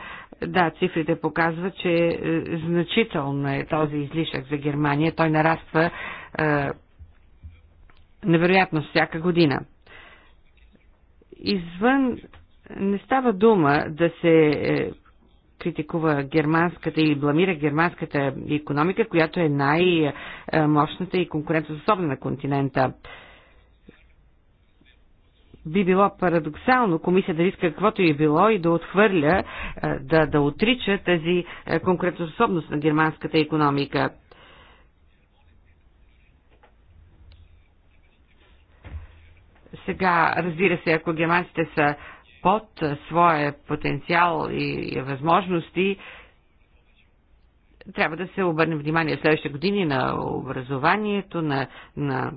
да, цифрите показват, че е, значително е този излишък за Германия. Той нараства е, невероятно всяка година. Извън не става дума да се е, критикува германската или бламира германската економика, която е най-мощната е, и конкурентоспособна на континента. Е, би било парадоксално комисията да иска каквото и е било и да отхвърля, е, да, да отрича тази е, конкретоспособност на германската економика. Сега, разбира се, ако германците са под своя потенциал и възможности, трябва да се обърне внимание в следващите години на образованието, на, на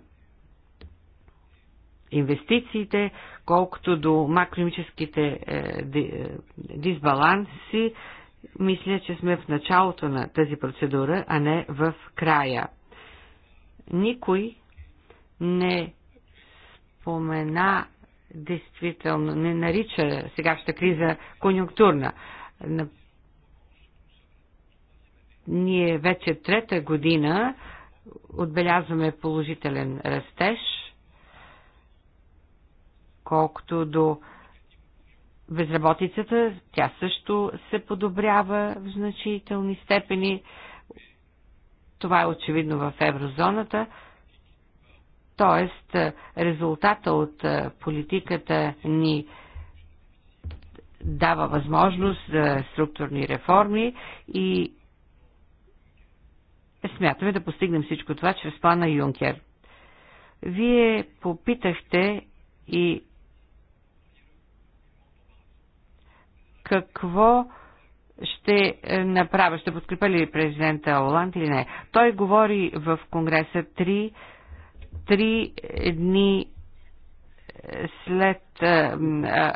инвестициите, колкото до макроимическите е, е, дисбаланси, мисля, че сме в началото на тази процедура, а не в края. Никой не спомена действително, не нарича сегашната криза конюнктурна. Ние вече трета година отбелязваме положителен растеж – Колкото до безработицата, тя също се подобрява в значителни степени. Това е очевидно в еврозоната. Тоест, резултата от политиката ни дава възможност за структурни реформи и смятаме да постигнем всичко това чрез плана Юнкер. Вие попитахте и какво ще е, направя, ще подкрепа ли президента Оланд или не. Той говори в Конгреса три, три дни е, след е, а,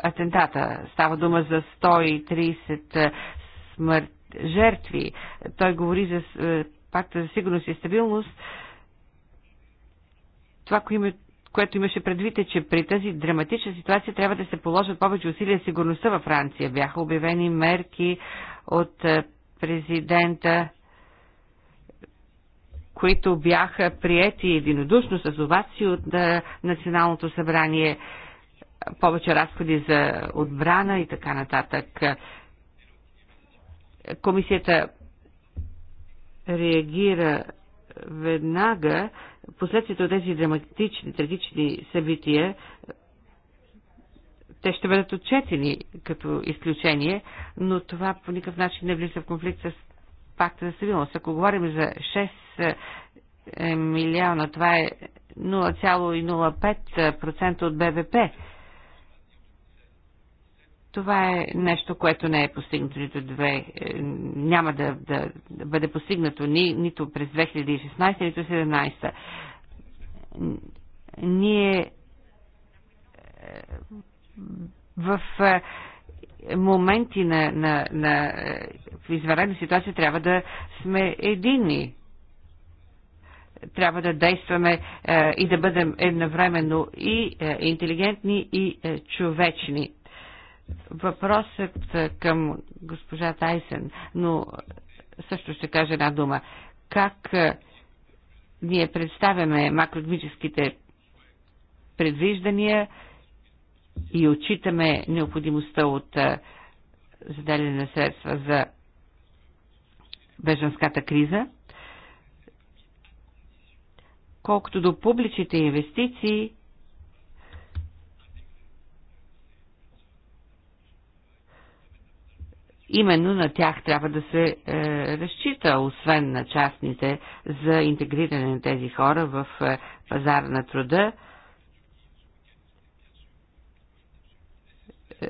атентата. Става дума за 130 смърт, жертви. Той говори за пакта за сигурност и стабилност. Това, което което имаше предвид е, че при тази драматична ситуация трябва да се положат повече усилия за сигурността във Франция. Бяха обявени мерки от е, президента, които бяха приети единодушно с овации от е, Националното събрание, повече разходи за отбрана и така нататък. Комисията реагира веднага последствията от тези драматични, трагични събития те ще бъдат отчетени като изключение, но това по никакъв начин не влиза в конфликт с пакта за стабилност. Ако говорим за 6 е, милиона, това е 0,05% от БВП. Това е нещо, което не е постигнато нито две, е, няма да, да, да бъде постигнато ни, нито през 2016, нито 2017. Ние е, в е, моменти на, на, на извънредна ситуация трябва да сме едини. Трябва да действаме е, и да бъдем едновременно и е, интелигентни, и е, човечни въпросът е, към госпожа Тайсен, но е, също ще кажа една дума. Как е, ние представяме макроекономическите предвиждания и отчитаме необходимостта от заделяне на средства за беженската криза. Колкото до публичните инвестиции, Именно на тях трябва да се е, разчита, освен на частните, за интегриране на тези хора в е, пазара на труда. Е,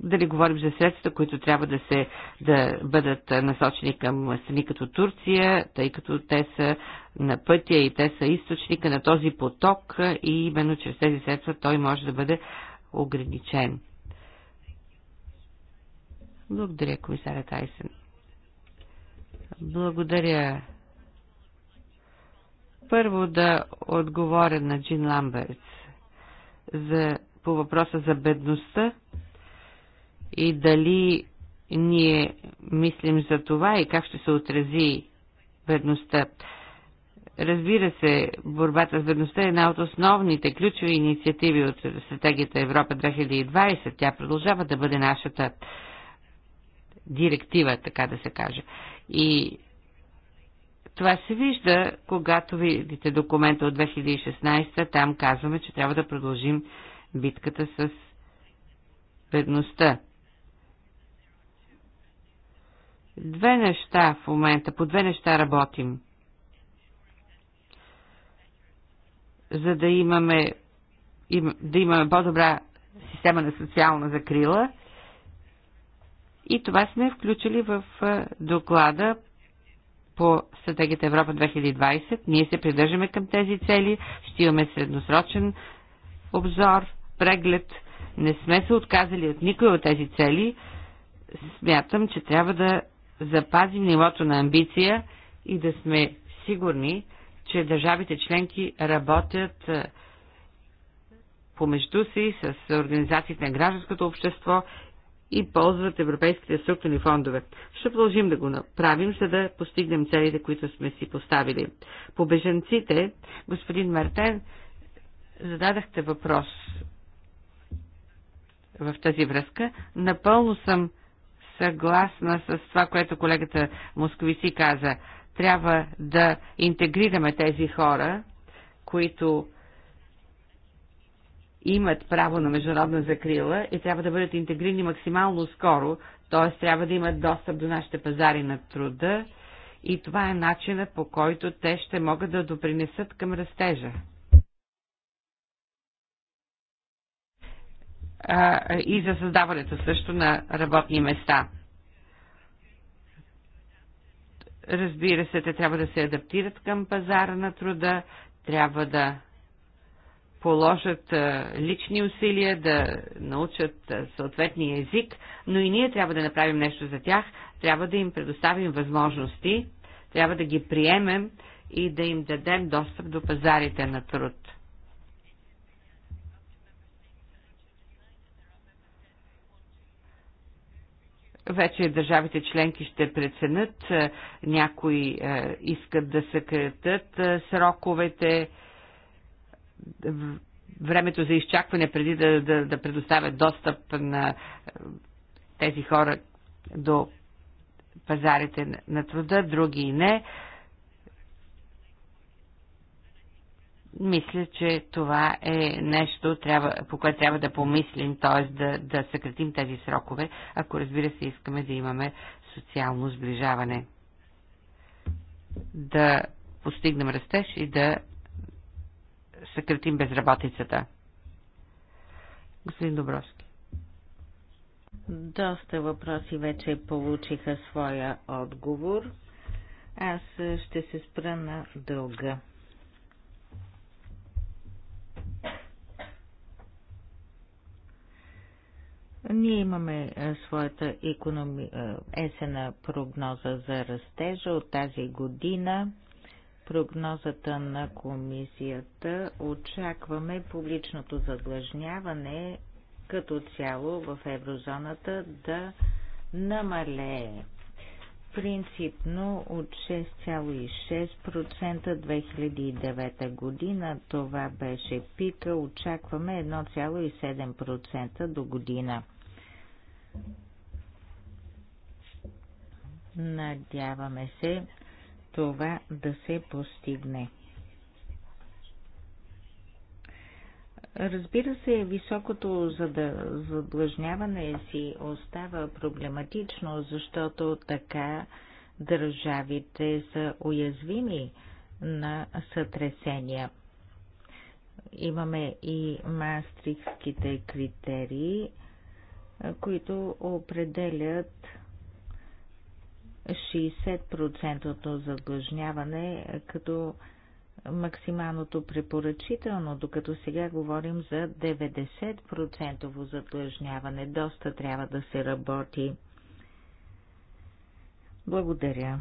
дали говорим за средства, които трябва да, се, да бъдат насочени към страни като Турция, тъй като те са на пътя и те са източника на този поток и именно чрез тези средства той може да бъде ограничен. Благодаря, комисаря Тайсен. Благодаря. Първо да отговоря на Джин Ламбертс за, по въпроса за бедността и дали ние мислим за това и как ще се отрази бедността. Разбира се, борбата с бедността е една от основните ключови инициативи от стратегията Европа 2020. Тя продължава да бъде нашата директива, така да се каже. И това се вижда, когато видите документа от 2016, там казваме, че трябва да продължим битката с бедността. Две неща в момента, по две неща работим. За да имаме, да имаме по-добра система на социална закрила – и това сме включили в доклада по стратегията Европа 2020. Ние се придържаме към тези цели, ще имаме средносрочен обзор, преглед. Не сме се отказали от никой от тези цели. Смятам, че трябва да запазим нивото на амбиция и да сме сигурни, че държавите членки работят помежду си с организациите на гражданското общество и ползват европейските структурни фондове. Ще продължим да го направим, за да постигнем целите, които сме си поставили. По беженците, господин Мартен, зададахте въпрос в тази връзка. Напълно съм съгласна с това, което колегата Московици каза. Трябва да интегрираме тези хора, които имат право на международна закрила и трябва да бъдат интегрирани максимално скоро, т.е. трябва да имат достъп до нашите пазари на труда и това е начина по който те ще могат да допринесат към растежа. и за създаването също на работни места. Разбира се, те трябва да се адаптират към пазара на труда, трябва да положат лични усилия, да научат съответния език, но и ние трябва да направим нещо за тях, трябва да им предоставим възможности, трябва да ги приемем и да им дадем достъп до пазарите на труд. Вече държавите членки ще преценят, някои искат да съкретат сроковете, времето за изчакване преди да, да, да предоставят достъп на е, тези хора до пазарите на труда, други и не. мисля, че това е нещо, трябва, по което трябва да помислим, т.е. Да, да съкратим тези срокове, ако разбира се искаме да имаме социално сближаване. Да постигнем растеж и да съкратим безработицата. Господин Добровски. Доста въпроси вече получиха своя отговор. Аз ще се спра на дълга. Ние имаме своята економи... есена прогноза за растежа от тази година прогнозата на комисията очакваме публичното задлъжняване като цяло в еврозоната да намалее принципно от 6,6% 2009 година. Това беше пика. Очакваме 1,7% до година. Надяваме се това да се постигне. Разбира се, високото задлъжняване си остава проблематично, защото така държавите са уязвими на сътресения. Имаме и мастрихските критерии, които определят 60% задлъжняване като максималното препоръчително, докато сега говорим за 90% задлъжняване. Доста трябва да се работи. Благодаря.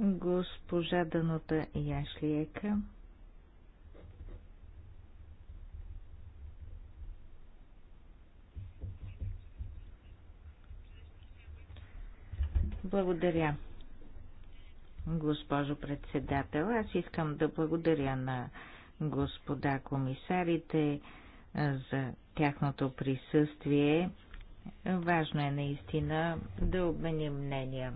Госпожа Данота Яшлиека. Благодаря. Госпожо председател, аз искам да благодаря на господа комисарите за тяхното присъствие. Важно е наистина да обменим мнения.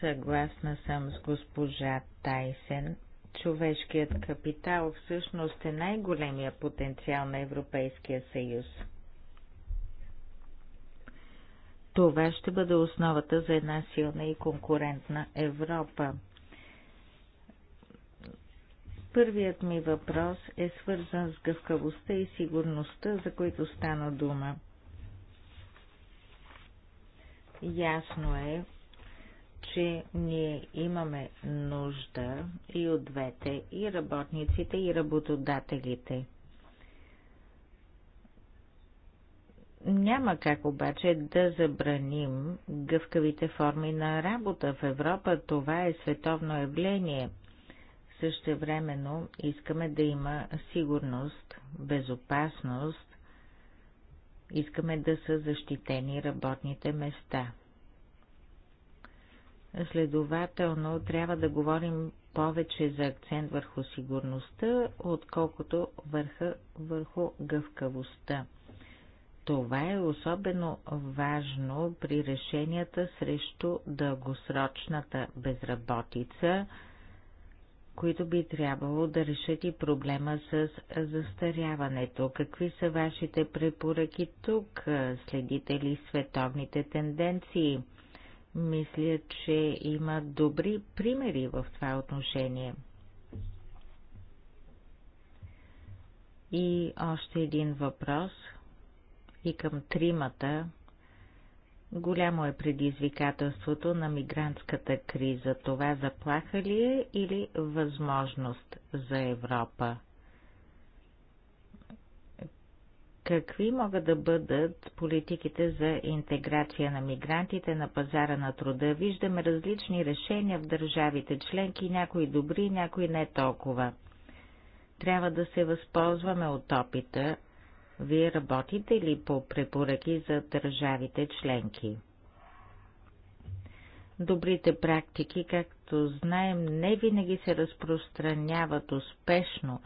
Съгласна съм с госпожа Тайсен. Човешкият капитал всъщност е най-големия потенциал на Европейския съюз. Това ще бъде основата за една силна и конкурентна Европа. Първият ми въпрос е свързан с гъвкавостта и сигурността, за които стана дума. Ясно е, че ние имаме нужда и от двете, и работниците, и работодателите. Няма как обаче да забраним гъвкавите форми на работа в Европа. Това е световно явление. Същевременно искаме да има сигурност, безопасност, искаме да са защитени работните места. Следователно, трябва да говорим повече за акцент върху сигурността, отколкото върха върху гъвкавостта. Това е особено важно при решенията срещу дългосрочната безработица, които би трябвало да решат и проблема с застаряването. Какви са вашите препоръки тук? Следите ли световните тенденции? Мисля, че има добри примери в това отношение. И още един въпрос – и към тримата. Голямо е предизвикателството на мигрантската криза. Това заплаха ли е или възможност за Европа? Какви могат да бъдат политиките за интеграция на мигрантите на пазара на труда? Виждаме различни решения в държавите членки, някои добри, някои не толкова. Трябва да се възползваме от опита вие работите ли по препоръки за държавите членки? Добрите практики, както знаем, не винаги се разпространяват успешно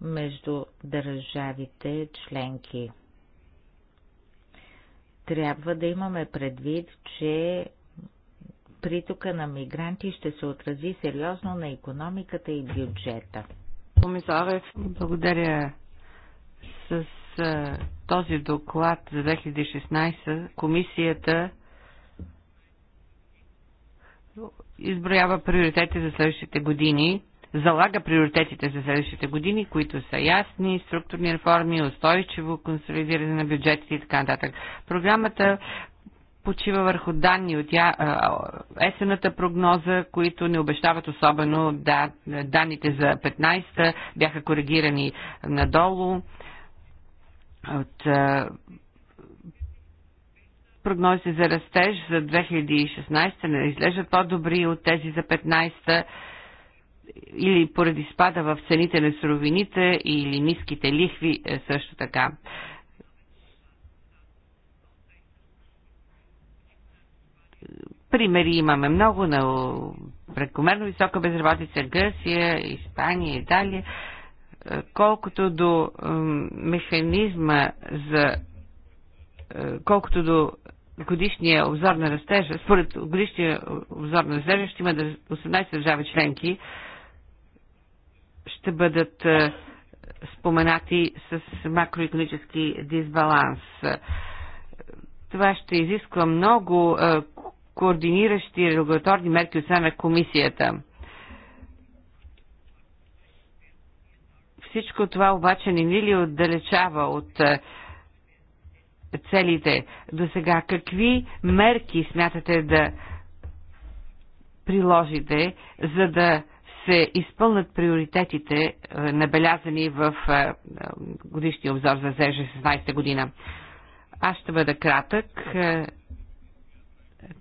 между държавите членки. Трябва да имаме предвид, че притока на мигранти ще се отрази сериозно на економиката и бюджета. Комисаре, благодаря с този доклад за 2016 комисията изброява приоритети за следващите години, залага приоритетите за следващите години, които са ясни, структурни реформи, устойчиво консолидиране на бюджетите и така нататък. Програмата почива върху данни от я, есената прогноза, които не обещават особено. Да, данните за 15-та бяха коригирани надолу от прогнози за растеж за 2016 не изглеждат по-добри от тези за 15 или поради спада в цените на суровините или ниските лихви е, също така. Примери имаме много на прекомерно висока безработица Гърция, Испания, Италия. Колкото до механизма за е, колкото до годишния обзор на растежа, според годишния обзор на растежа ще има 18 държави членки, ще бъдат е, споменати с макроекономически дисбаланс. Това ще изисква много е, координиращи регулаторни мерки от страна на комисията. Всичко това обаче не ни ли отдалечава от е, целите до сега? Какви мерки смятате да приложите, за да се изпълнат приоритетите, е, набелязани в е, годишния обзор за 2016 година? Аз ще бъда кратък.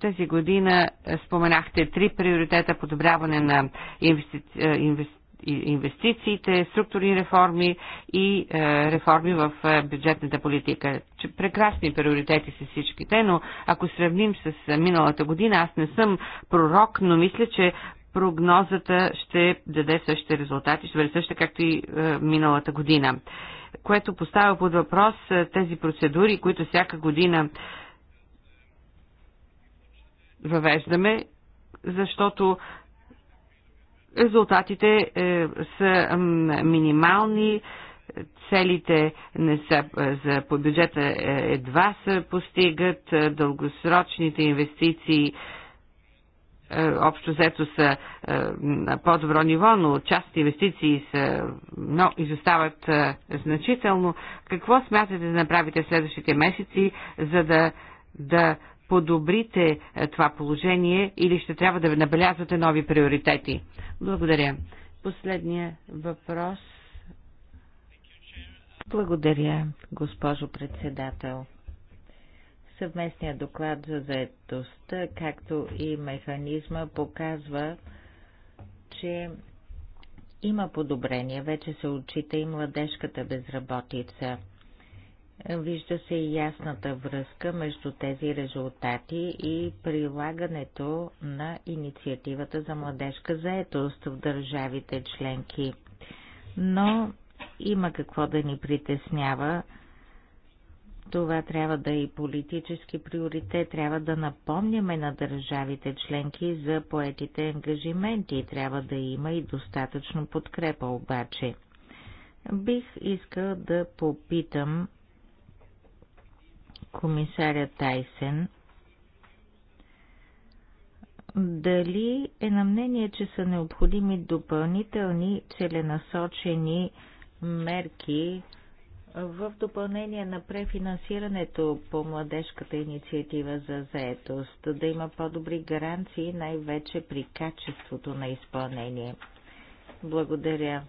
Тази година споменахте три приоритета подобряване на инвести инвестициите, структурни реформи и е, реформи в е, бюджетната политика. Прекрасни приоритети са всичките, но ако сравним с е, миналата година, аз не съм пророк, но мисля, че прогнозата ще даде същите резултати, ще бъде същата както и миналата година, което поставя под въпрос тези процедури, които всяка година въвеждаме, защото Резултатите е, са минимални, целите не са, е, за, по бюджета е, едва се постигат, е, дългосрочните инвестиции общо взето са на по-добро ниво, но частните инвестиции са, но изостават значително. Какво смятате да направите в следващите месеци, за да, да подобрите е, това положение или ще трябва да набелязвате нови приоритети? Благодаря. Последния въпрос. Благодаря, госпожо председател. Съвместният доклад за заедостта, както и механизма, показва, че има подобрение. Вече се отчита и младежката безработица – Вижда се и ясната връзка между тези резултати и прилагането на инициативата за младежка заетост в държавите членки. Но има какво да ни притеснява. Това трябва да е и политически приоритет. Трябва да напомняме на държавите членки за поетите ангажименти. Трябва да има и достатъчно подкрепа обаче. Бих искал да попитам комисаря Тайсен дали е на мнение, че са необходими допълнителни целенасочени мерки в допълнение на префинансирането по младежката инициатива за заетост, да има по-добри гаранции най-вече при качеството на изпълнение. Благодаря.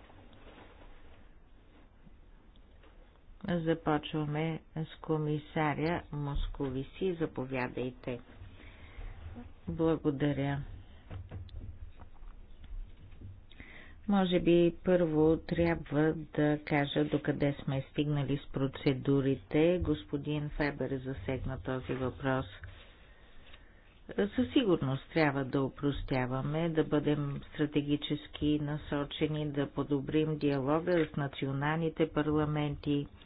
Започваме с комисаря Московиси. Заповядайте. Благодаря. Може би първо трябва да кажа докъде сме стигнали с процедурите. Господин Фебер засегна този въпрос. Със сигурност трябва да упростяваме, да бъдем стратегически насочени, да подобрим диалога с националните парламенти –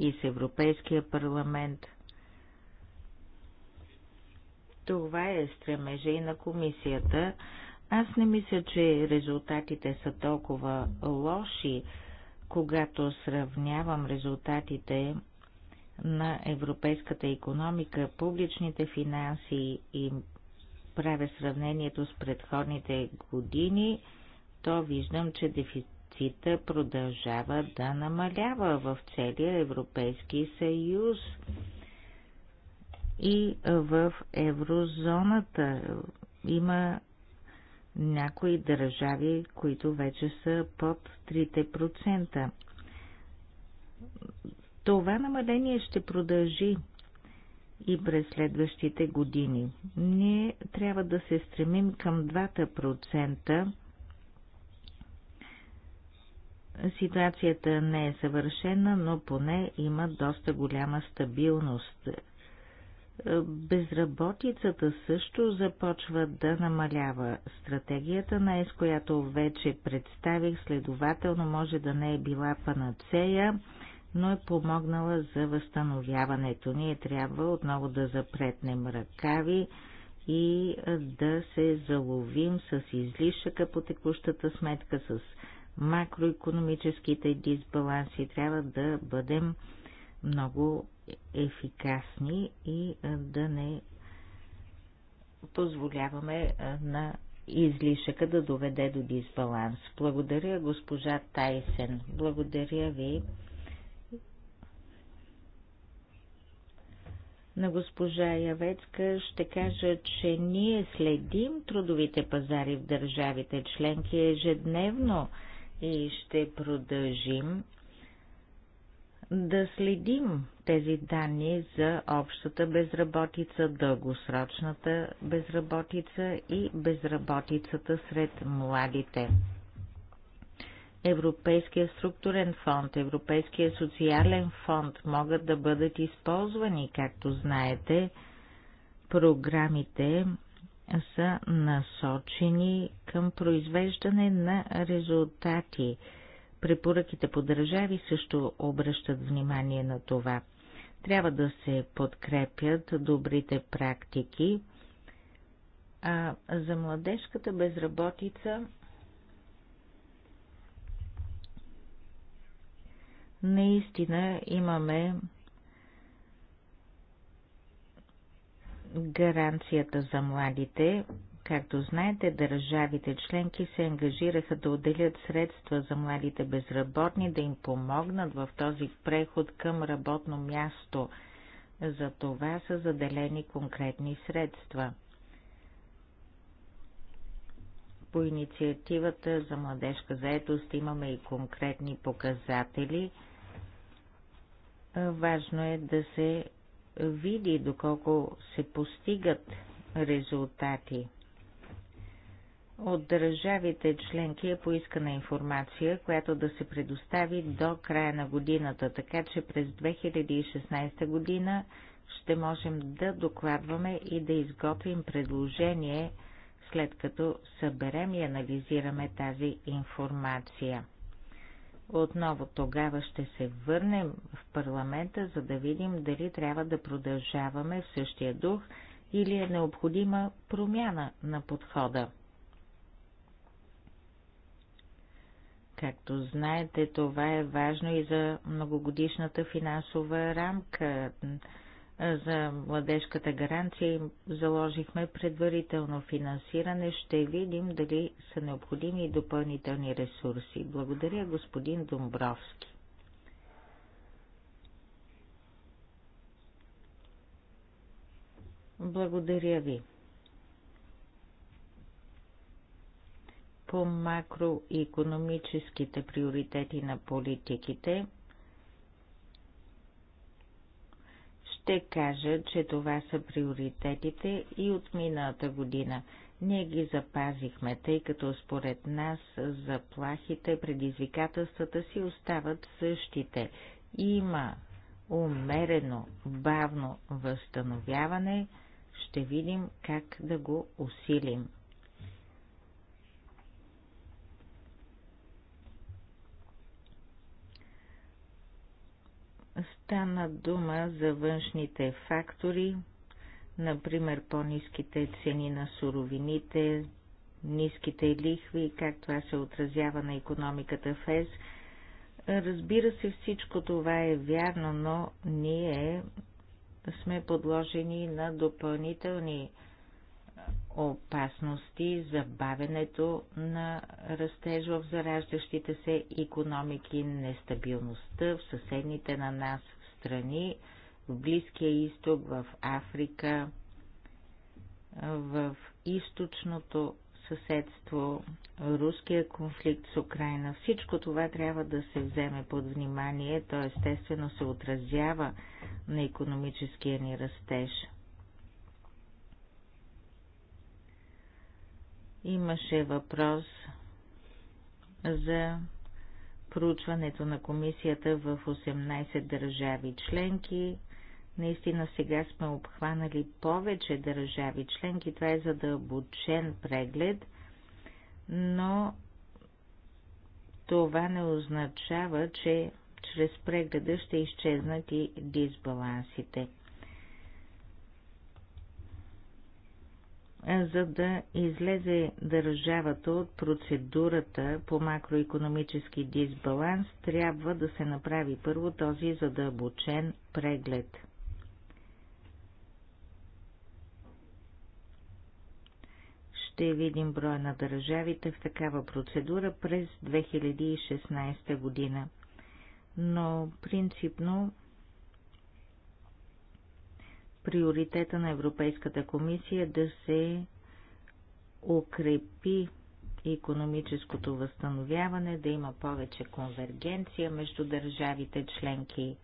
и с Европейския парламент. Това е стремежа и на комисията. Аз не мисля, че резултатите са толкова лоши, когато сравнявам резултатите на европейската економика, публичните финанси и правя сравнението с предходните години, то виждам, че дефицита продължава да намалява в целия Европейски съюз и в еврозоната. Има някои държави, които вече са под 3%. Това намаление ще продължи и през следващите години. Ние трябва да се стремим към 2% Ситуацията не е съвършена, но поне има доста голяма стабилност. Безработицата също започва да намалява. Стратегията на ЕС, която вече представих, следователно може да не е била панацея, но е помогнала за възстановяването. Ние трябва отново да запретнем ръкави и да се заловим с излишъка по текущата сметка, с макроекономическите дисбаланси. Трябва да бъдем много ефикасни и да не позволяваме на излишъка да доведе до дисбаланс. Благодаря, госпожа Тайсен. Благодаря ви. На госпожа Явецка ще кажа, че ние следим трудовите пазари в държавите членки ежедневно и ще продължим да следим тези данни за общата безработица, дългосрочната безработица и безработицата сред младите. Европейския структурен фонд, Европейския социален фонд могат да бъдат използвани, както знаете, програмите са насочени към произвеждане на резултати. Препоръките по държави също обръщат внимание на това. Трябва да се подкрепят добрите практики, а за младежката безработица наистина имаме гаранцията за младите. Както знаете, държавите членки се ангажираха да отделят средства за младите безработни, да им помогнат в този преход към работно място. За това са заделени конкретни средства. По инициативата за младежка заедост имаме и конкретни показатели. Важно е да се види доколко се постигат резултати. От държавите членки е поискана информация, която да се предостави до края на годината, така че през 2016 година ще можем да докладваме и да изготвим предложение, след като съберем и анализираме тази информация. Отново тогава ще се върнем в парламента, за да видим дали трябва да продължаваме в същия дух или е необходима промяна на подхода. Както знаете, това е важно и за многогодишната финансова рамка за младежката гаранция им заложихме предварително финансиране. Ще видим дали са необходими и допълнителни ресурси. Благодаря, господин Домбровски. Благодаря ви. По макроекономическите приоритети на политиките – ще кажа, че това са приоритетите и от миналата година. Ние ги запазихме, тъй като според нас заплахите, предизвикателствата си остават същите. Има умерено, бавно възстановяване, ще видим как да го усилим. стана дума за външните фактори, например по-низките цени на суровините, ниските лихви, как това се отразява на економиката в ЕС. Разбира се, всичко това е вярно, но ние сме подложени на допълнителни опасности, бавенето на растеж в зараждащите се економики, нестабилността в съседните на нас страни, в Близкия изток, в Африка, в източното съседство, руския конфликт с Украина. Всичко това трябва да се вземе под внимание, то естествено се отразява на економическия ни растеж. Имаше въпрос за проучването на комисията в 18 държави членки. Наистина сега сме обхванали повече държави членки. Това е задълбочен преглед, но това не означава, че чрез прегледа ще изчезнат и дисбалансите. за да излезе държавата от процедурата по макроекономически дисбаланс, трябва да се направи първо този задълбочен преглед. Ще видим броя на държавите в такава процедура през 2016 година. Но принципно приоритета на Европейската комисия да се укрепи економическото възстановяване, да има повече конвергенция между държавите членки,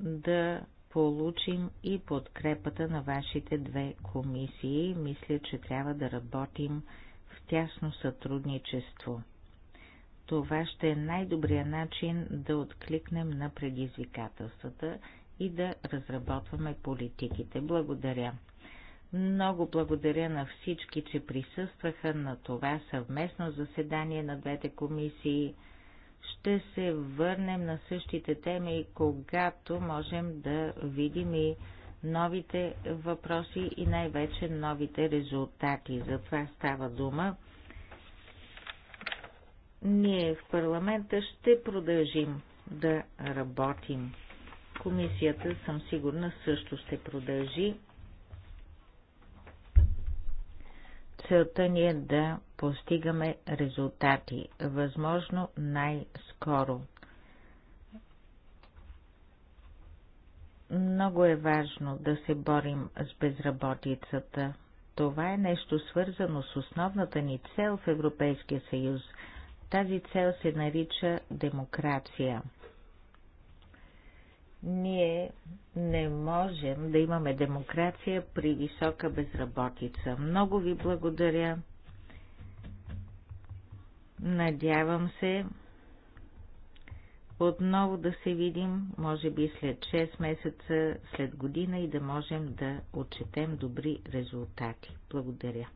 да получим и подкрепата на вашите две комисии. Мисля, че трябва да работим в тясно сътрудничество. Това ще е най-добрият начин да откликнем на предизвикателствата и да разработваме политиките. Благодаря. Много благодаря на всички, че присъстваха на това съвместно заседание на двете комисии. Ще се върнем на същите теми, когато можем да видим и новите въпроси и най-вече новите резултати. За това става дума. Ние в парламента ще продължим да работим. Комисията съм сигурна също ще продължи. Целта ни е да постигаме резултати, възможно най-скоро. Много е важно да се борим с безработицата. Това е нещо свързано с основната ни цел в Европейския съюз – тази цел се нарича демокрация. Ние не можем да имаме демокрация при висока безработица. Много ви благодаря. Надявам се отново да се видим, може би след 6 месеца, след година и да можем да отчетем добри резултати. Благодаря.